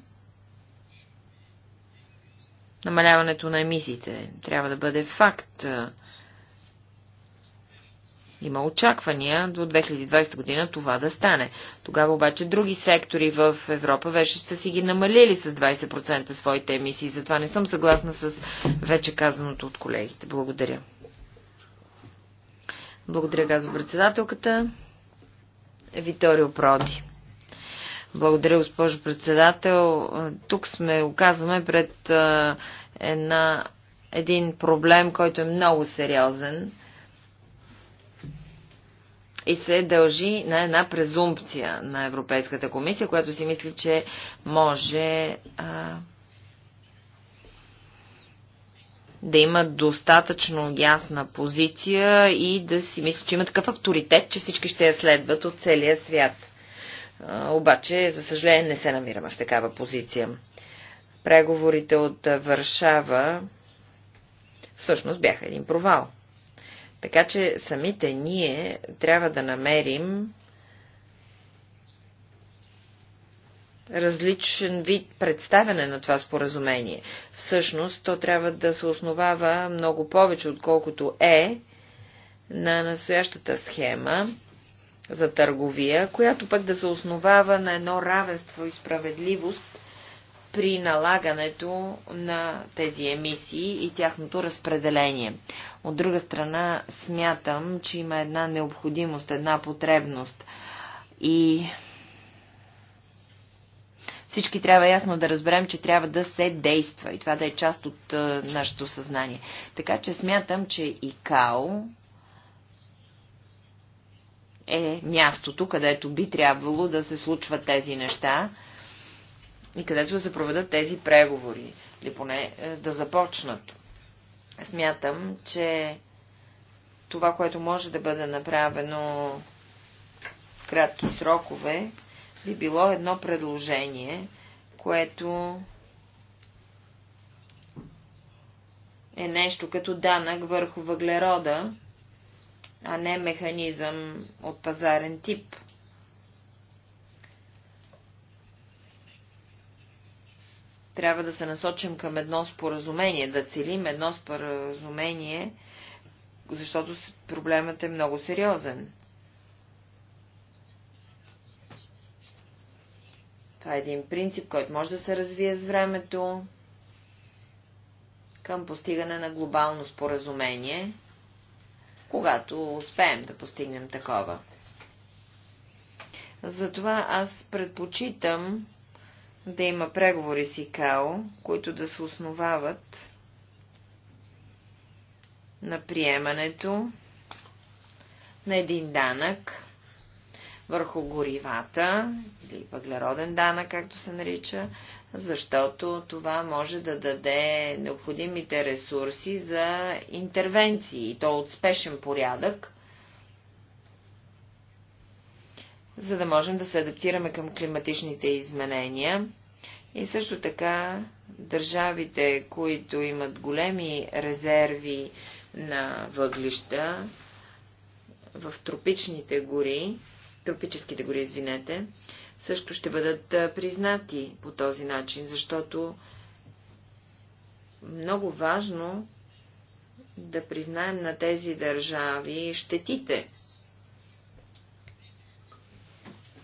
Намаляването на емисиите трябва да бъде факт. Има очаквания до 2020 година това да стане. Тогава обаче други сектори в Европа вече са си ги намалили с 20% своите емисии. Затова не съм съгласна с вече казаното от колегите. Благодаря. Благодаря, казва председателката. Виторио Проди. Благодаря, госпожо председател. Тук сме, оказваме пред една, един проблем, който е много сериозен и се дължи на една презумпция на Европейската комисия, която си мисли, че може а, да има достатъчно ясна позиция и да си мисли, че има такъв авторитет, че всички ще я следват от целия свят. Обаче, за съжаление, не се намираме в такава позиция. Преговорите от Варшава всъщност бяха един провал. Така че самите ние трябва да намерим различен вид представяне на това споразумение. Всъщност, то трябва да се основава много повече, отколкото е на настоящата схема, за търговия, която пък да се основава на едно равенство и справедливост при налагането на тези емисии и тяхното разпределение. От друга страна, смятам, че има една необходимост, една потребност и всички трябва ясно да разберем, че трябва да се действа и това да е част от е, нашето съзнание. Така че смятам, че ИКАО е мястото, където би трябвало да се случват тези неща и където да се проведат тези преговори, или поне е, да започнат. Смятам, че това, което може да бъде направено в кратки срокове, би било едно предложение, което е нещо като данък върху въглерода, а не механизъм от пазарен тип. Трябва да се насочим към едно споразумение, да целим едно споразумение, защото проблемът е много сериозен. Това е един принцип, който може да се развие с времето към постигане на глобално споразумение, когато успеем да постигнем такова. Затова аз предпочитам да има преговори с ИКАО, които да се основават на приемането на един данък върху горивата, или въглероден данък, както се нарича, защото това може да даде необходимите ресурси за интервенции, и то от спешен порядък, за да можем да се адаптираме към климатичните изменения. И също така държавите, които имат големи резерви на въглища в тропичните гори, тропическите гори, извинете, също ще бъдат признати по този начин, защото много важно да признаем на тези държави щетите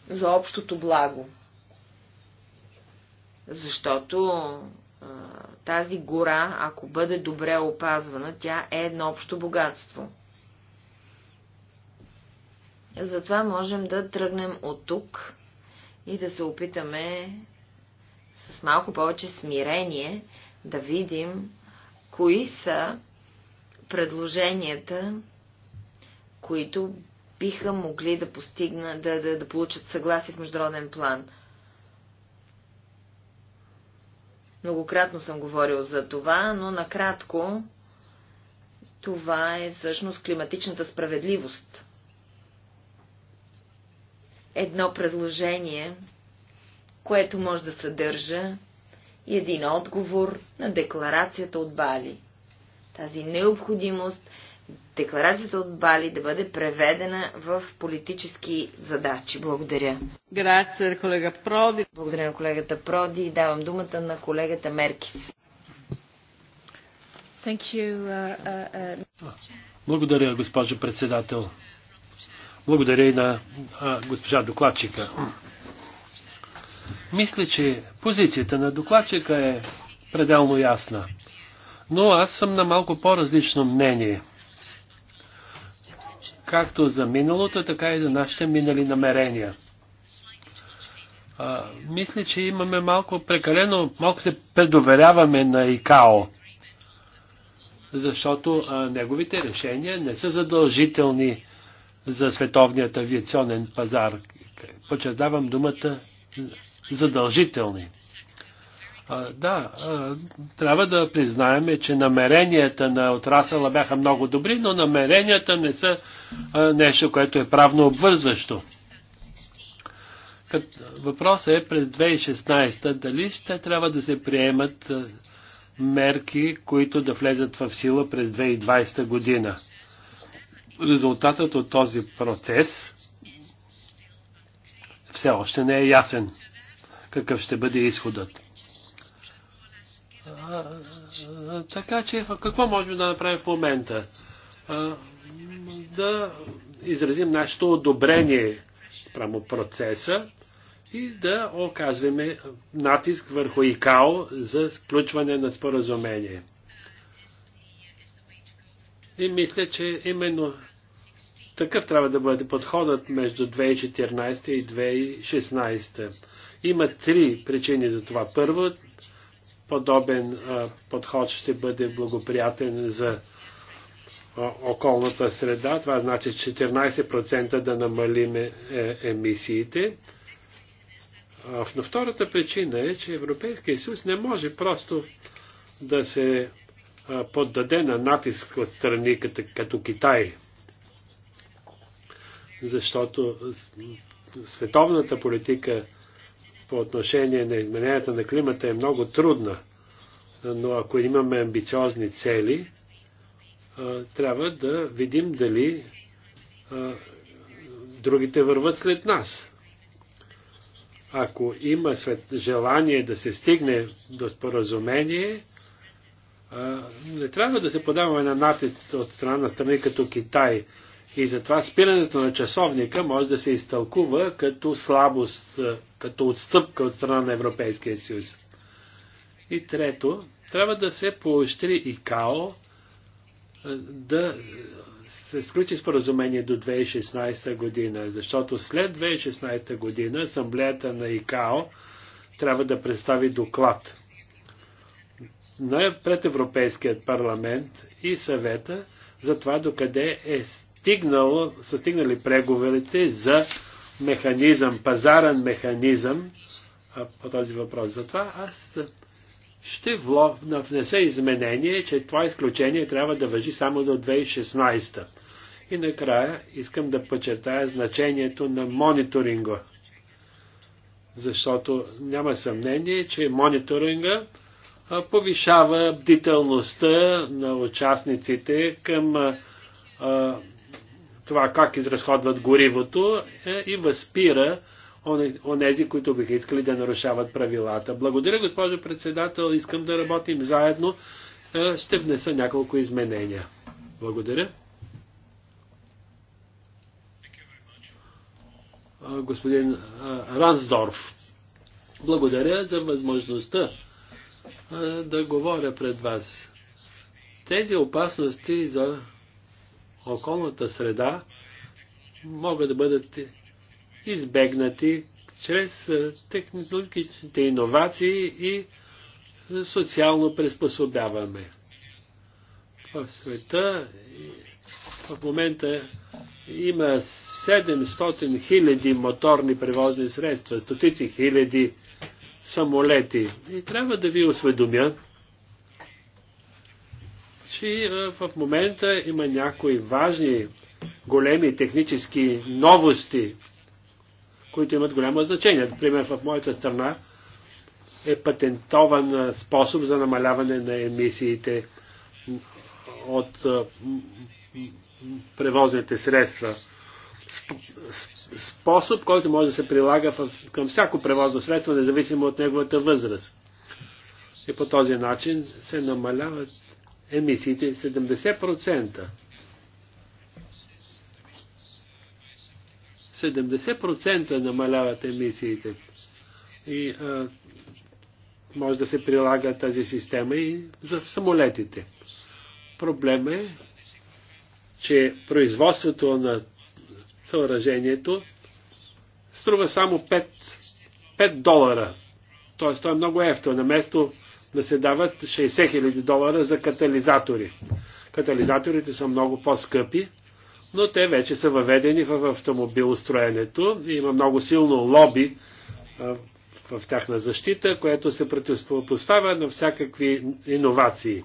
за общото благо. Защото а, тази гора, ако бъде добре опазвана, тя е едно общо богатство. Затова можем да тръгнем от тук и да се опитаме с малко повече смирение да видим кои са предложенията, които биха могли да постигнат, да, да, да получат съгласие в международен план. Многократно съм говорил за това, но накратко това е всъщност климатичната справедливост едно предложение, което може да съдържа и един отговор на декларацията от Бали. Тази необходимост декларацията от Бали да бъде преведена в политически задачи. Благодаря. Грация, колега Проди. Благодаря на колегата Проди и давам думата на колегата Меркис. Thank you, uh, uh... uh. Благодаря, госпожо председател. Благодаря и на а, госпожа докладчика. Мисля, че позицията на докладчика е пределно ясна. Но аз съм на малко по-различно мнение. Както за миналото, така и за нашите минали намерения. А, мисля, че имаме малко прекалено, малко се предоверяваме на ИКАО, защото а, неговите решения не са задължителни за световният авиационен пазар. Почердавам думата задължителни. А, да, а, трябва да признаем, че намеренията на отрасъла бяха много добри, но намеренията не са а, нещо, което е правно обвързващо. Кът, въпросът е през 2016 дали ще трябва да се приемат мерки, които да влезат в сила през 2020 година резултатът от този процес все още не е ясен. Какъв ще бъде изходът? А, така че, какво можем да направим в момента? А, да изразим нашето одобрение прямо процеса и да оказваме натиск върху ИКАО за сключване на споразумение. И мисля, че именно такъв трябва да бъде подходът между 2014 и 2016. Има три причини за това. Първо, подобен а, подход ще бъде благоприятен за а, околната среда. Това значи 14% да намалим е, емисиите. А, но втората причина е, че Европейския съюз не може просто да се поддаде на натиск от страни като, като Китай защото световната политика по отношение на измененията на климата е много трудна. Но ако имаме амбициозни цели, трябва да видим дали другите върват след нас. Ако има желание да се стигне до споразумение, не трябва да се подаваме на натиск от страна на страни като Китай, и затова спирането на часовника може да се изтълкува като слабост, като отстъпка от страна на Европейския съюз. И трето, трябва да се поощри и КАО да се сключи споразумение до 2016 година, защото след 2016 година Асамблеята на ИКАО трябва да представи доклад пред Европейският парламент и съвета за това докъде е стигнал, са стигнали преговорите за механизъм, пазарен механизъм а, по този въпрос. Затова аз ще влов, внеса изменение, че това изключение трябва да въжи само до 2016. И накрая искам да подчертая значението на мониторинга. Защото няма съмнение, че мониторинга повишава бдителността на участниците към това как изразходват горивото е, и възпира онези, които биха искали да нарушават правилата. Благодаря, госпожо председател. Искам да работим заедно. Е, ще внеса няколко изменения. Благодаря. Господин Рансдорф, благодаря за възможността да говоря пред вас. Тези опасности за околната среда могат да бъдат избегнати чрез е, технологичните иновации и социално приспособяване. В света в момента има 700 хиляди моторни превозни средства, стотици хиляди самолети. И трябва да ви осведомя, че в момента има някои важни, големи технически новости, които имат голямо значение. Например, в моята страна е патентован способ за намаляване на емисиите от превозните средства. Способ, който може да се прилага към всяко превозно средство, независимо от неговата възраст. И по този начин се намаляват емисиите 70%. Е 70% намаляват емисиите. И а, може да се прилага тази система и за самолетите. Проблем е, че производството на съоръжението струва само 5, 5 долара. Тоест, то е много ефто. Наместо да се дават 60 000 долара за катализатори. Катализаторите са много по-скъпи, но те вече са въведени в автомобилостроенето. Има много силно лоби в тяхна защита, което се противопоставя на всякакви иновации.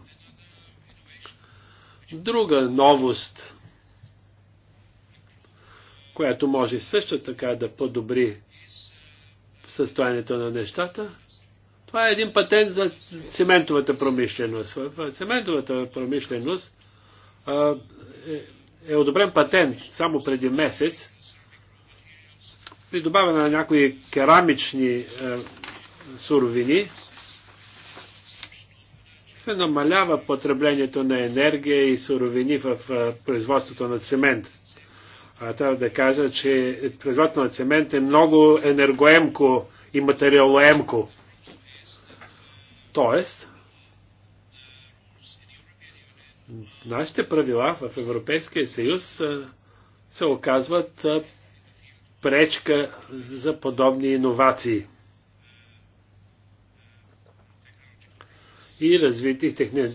Друга новост, която може също така да подобри състоянието на нещата, това е един патент за цементовата промишленост. В цементовата промишленост а, е, е одобрен патент само преди месец при добавяне на някои керамични а, е, суровини се намалява потреблението на енергия и суровини в а, производството на цемент. А, трябва да кажа, че производството на цемент е много енергоемко и материалоемко. Тоест, нашите правила в Европейския съюз се оказват пречка за подобни иновации и развити техни...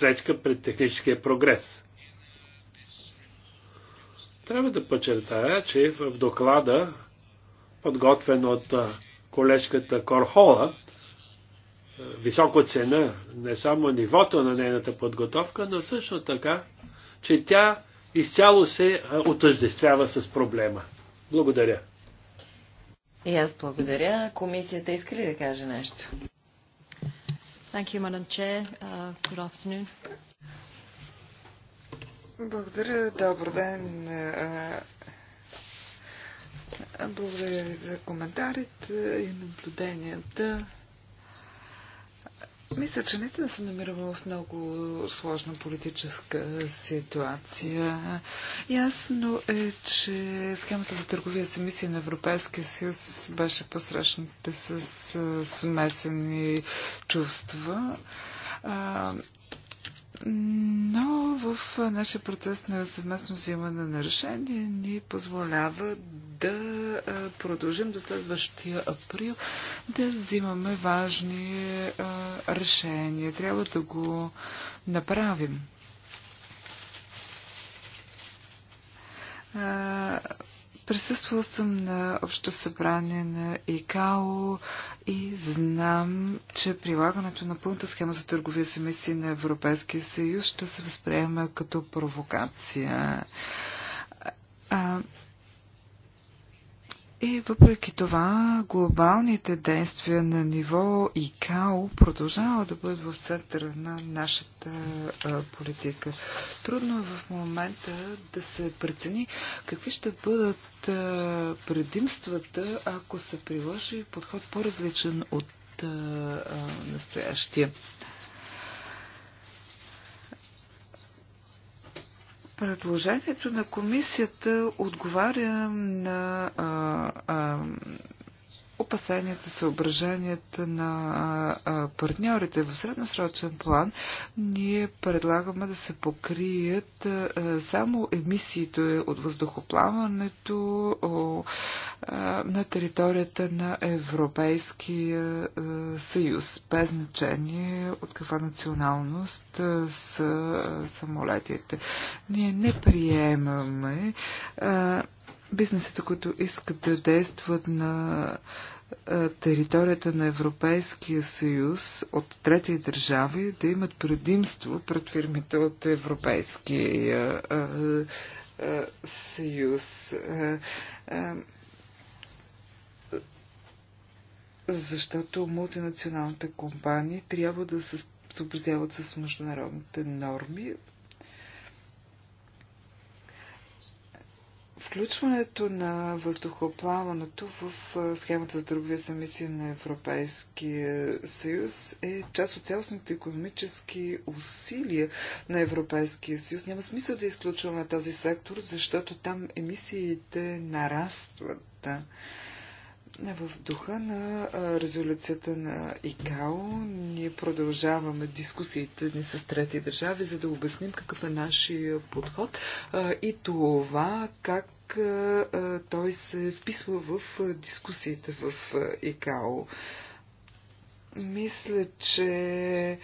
пречка пред техническия прогрес. Трябва да подчертая, че в доклада, подготвен от колежката Корхола, високо цена не само нивото на нейната подготовка, но също така, че тя изцяло се отъждествява с проблема. Благодаря. И аз благодаря. Комисията иска ли да каже нещо? Thank you, Madam Chair. Uh, good afternoon. Благодаря. Добър ден. Благодаря ви за коментарите и наблюденията. Мисля, че наистина се намираме в много сложна политическа ситуация. Ясно е, че схемата за търговия с емисии на Европейския съюз беше посрещната с смесени чувства. Но в нашия процес на съвместно взимане на решение ни позволява да продължим до следващия април да взимаме важни решения. Трябва да го направим Присъствал съм на общо събрание на ИКАО и знам, че прилагането на пълната схема за търговия с емисии на Европейския съюз ще се възприема като провокация. А, и въпреки това, глобалните действия на ниво ИКАО продължават да бъдат в центъра на нашата а, политика. Трудно е в момента да се прецени какви ще бъдат а, предимствата, ако се приложи подход по-различен от а, настоящия. Предложението на комисията отговаря на а, а, опасенията, съображенията на партньорите. В средносрочен план ние предлагаме да се покрият само емисиите от въздухоплаването на територията на Европейския съюз, без значение от каква националност са самолетите. Ние не приемаме бизнесите, които искат да действат на територията на Европейския съюз от трети държави, да имат предимство пред фирмите от Европейския съюз. Защото мултинационалните компании трябва да се съобразяват с международните норми Включването на въздухоплаването в схемата за търговия с емисии на Европейския съюз е част от цялостните економически усилия на Европейския съюз. Няма смисъл да изключваме този сектор, защото там емисиите нарастват. Да. Е в духа на резолюцията на ИКАО ние продължаваме дискусиите ни с трети държави, за да обясним какъв е нашия подход и това как той се вписва в дискусиите в ИКАО. Мисля, че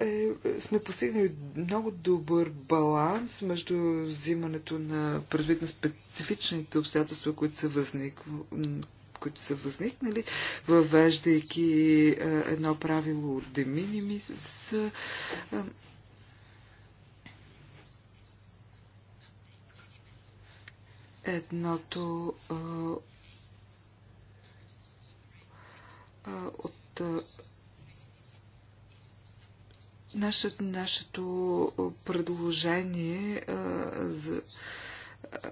е, сме постигнали много добър баланс между взимането на предвид на специфичните обстоятелства, които са възниквали които са възникнали, нали, въвеждайки е, едно правило е, е, от деминими с едното от нашето, нашето предложение а, за, а,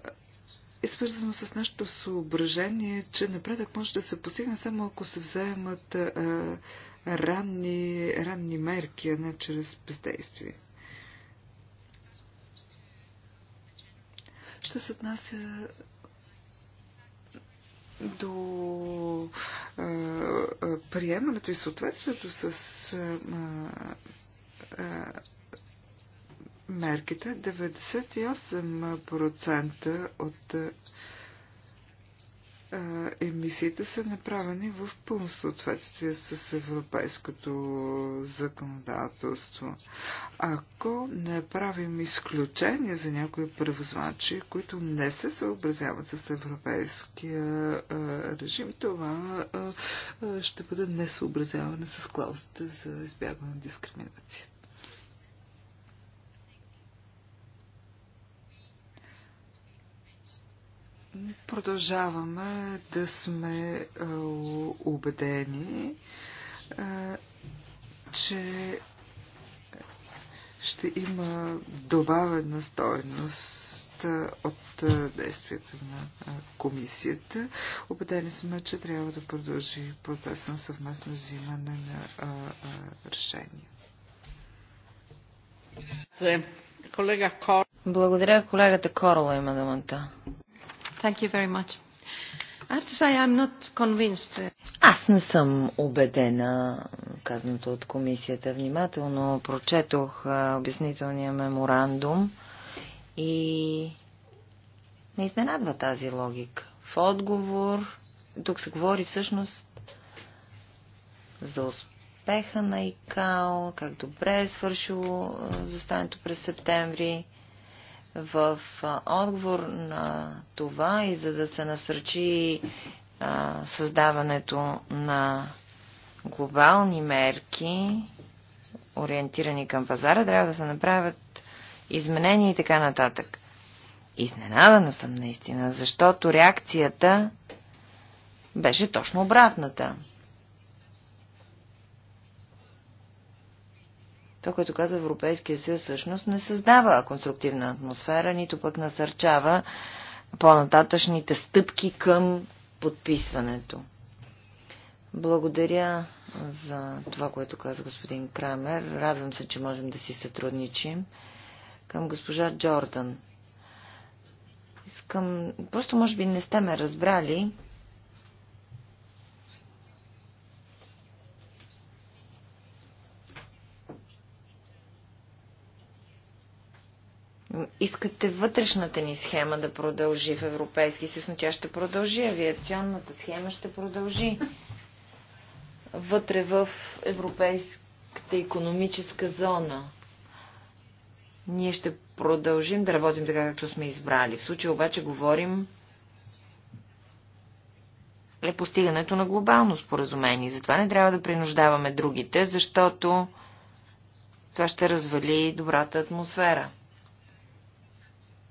е свързано с нашето съображение, че напредък може да се постигне само ако се вземат а, ранни, ранни мерки, а не чрез бездействие. Що се отнася до а, приемането и съответствието с а, мерките 98% от емисиите са направени в пълно съответствие с европейското законодателство. Ако не правим изключение за някои превозвачи, които не се съобразяват с европейския режим, това ще бъде несъобразяване с клаузите за избягване на дискриминацията. Продължаваме да сме е, убедени, е, че ще има добавена стоеност е, от действията на комисията. Обедени сме, че трябва да продължи процеса на съвместно взимане на решения. Благодаря. Колегата Корола има думата. Thank you very much. I have to say I'm not convinced. Аз не съм убедена, казаното от комисията. Внимателно прочетох обяснителния меморандум и не изненадва тази логика. В отговор, тук се говори всъщност за успеха на ИКАО, как добре е свършило застането през септември. В отговор на това и за да се насръчи създаването на глобални мерки, ориентирани към пазара, трябва да се направят изменения и така нататък. Изненадана съм наистина, защото реакцията беше точно обратната. Това което казва Европейския съюз, всъщност не създава конструктивна атмосфера, нито пък насърчава по-нататъчните стъпки към подписването. Благодаря за това, което каза господин Крамер. Радвам се, че можем да си сътрудничим. Към госпожа Джордан. Искам... Просто, може би, не сте ме разбрали. Искате вътрешната ни схема да продължи в Европейски съюз, но тя ще продължи. Авиационната схема ще продължи. Вътре в Европейската економическа зона. Ние ще продължим да работим така, както сме избрали. В случая обаче говорим е постигането на глобално споразумение. Затова не трябва да принуждаваме другите, защото това ще развали добрата атмосфера.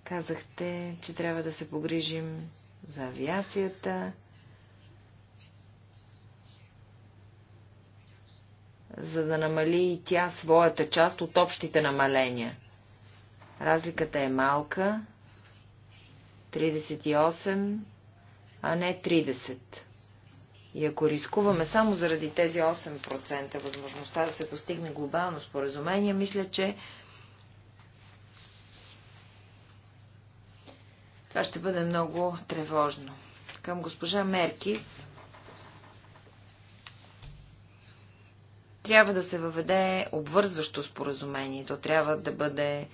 Казахте, че трябва да се погрижим за авиацията, за да намали и тя своята част от общите намаления. Разликата е малка, 38, а не 30. И ако рискуваме само заради тези 8% възможността да се постигне глобално споразумение, мисля, че Това ще бъде много тревожно. Към госпожа Меркис. Трябва да се въведе обвързващо споразумение. То трябва да бъде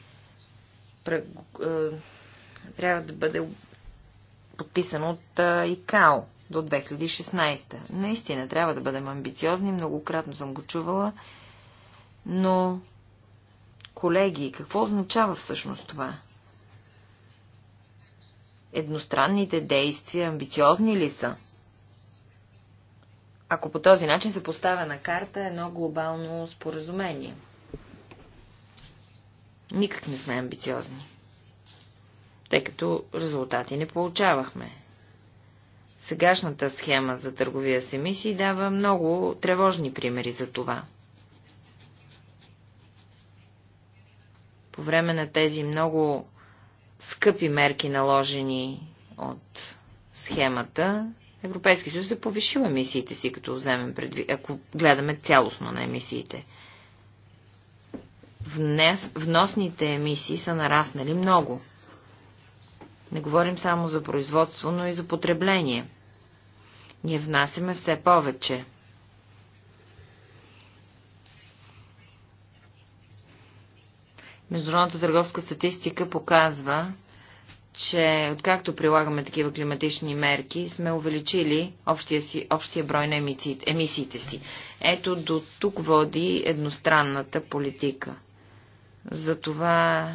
е, трябва да бъде подписано от е, ИКАО до 2016. Наистина, трябва да бъдем амбициозни, многократно съм го чувала, но, колеги, какво означава всъщност това? едностранните действия амбициозни ли са? Ако по този начин се поставя на карта едно глобално споразумение. Никак не сме амбициозни, тъй като резултати не получавахме. Сегашната схема за търговия с емисии дава много тревожни примери за това. По време на тези много скъпи мерки наложени от схемата, Европейски съюз е повишил емисиите си, като вземем предвид, ако гледаме цялостно на емисиите. Внес, вносните емисии са нараснали много. Не говорим само за производство, но и за потребление. Ние внасяме все повече – Международната търговска статистика показва, че откакто прилагаме такива климатични мерки, сме увеличили общия, си, общия брой на емисиите, емисиите си. Ето до тук води едностранната политика. Затова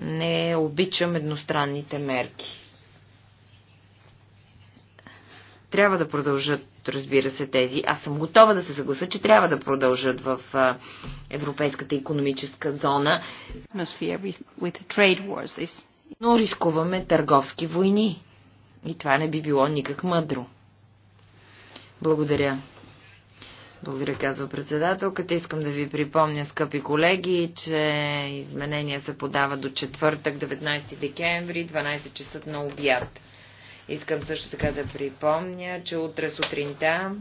не обичам едностранните мерки. Трябва да продължат разбира се, тези. Аз съм готова да се съгласа, че трябва да продължат в Европейската економическа зона. Но рискуваме търговски войни. И това не би било никак мъдро. Благодаря. Благодаря, казва председателката. Искам да ви припомня, скъпи колеги, че изменения се подава до четвъртък, 19 декември, 12 часа на обяд. Искам също така да припомня, че утре сутринта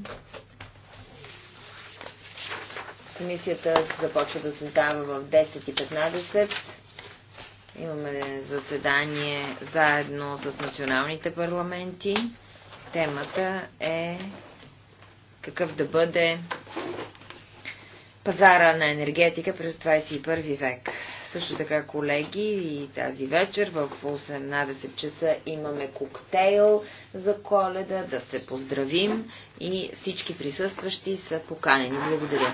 комисията започва да създава в 10.15. Имаме заседание заедно с националните парламенти. Темата е какъв да бъде пазара на енергетика през 21 век. Също така, колеги, и тази вечер в 18 часа имаме коктейл за коледа, да се поздравим и всички присъстващи са поканени. Благодаря.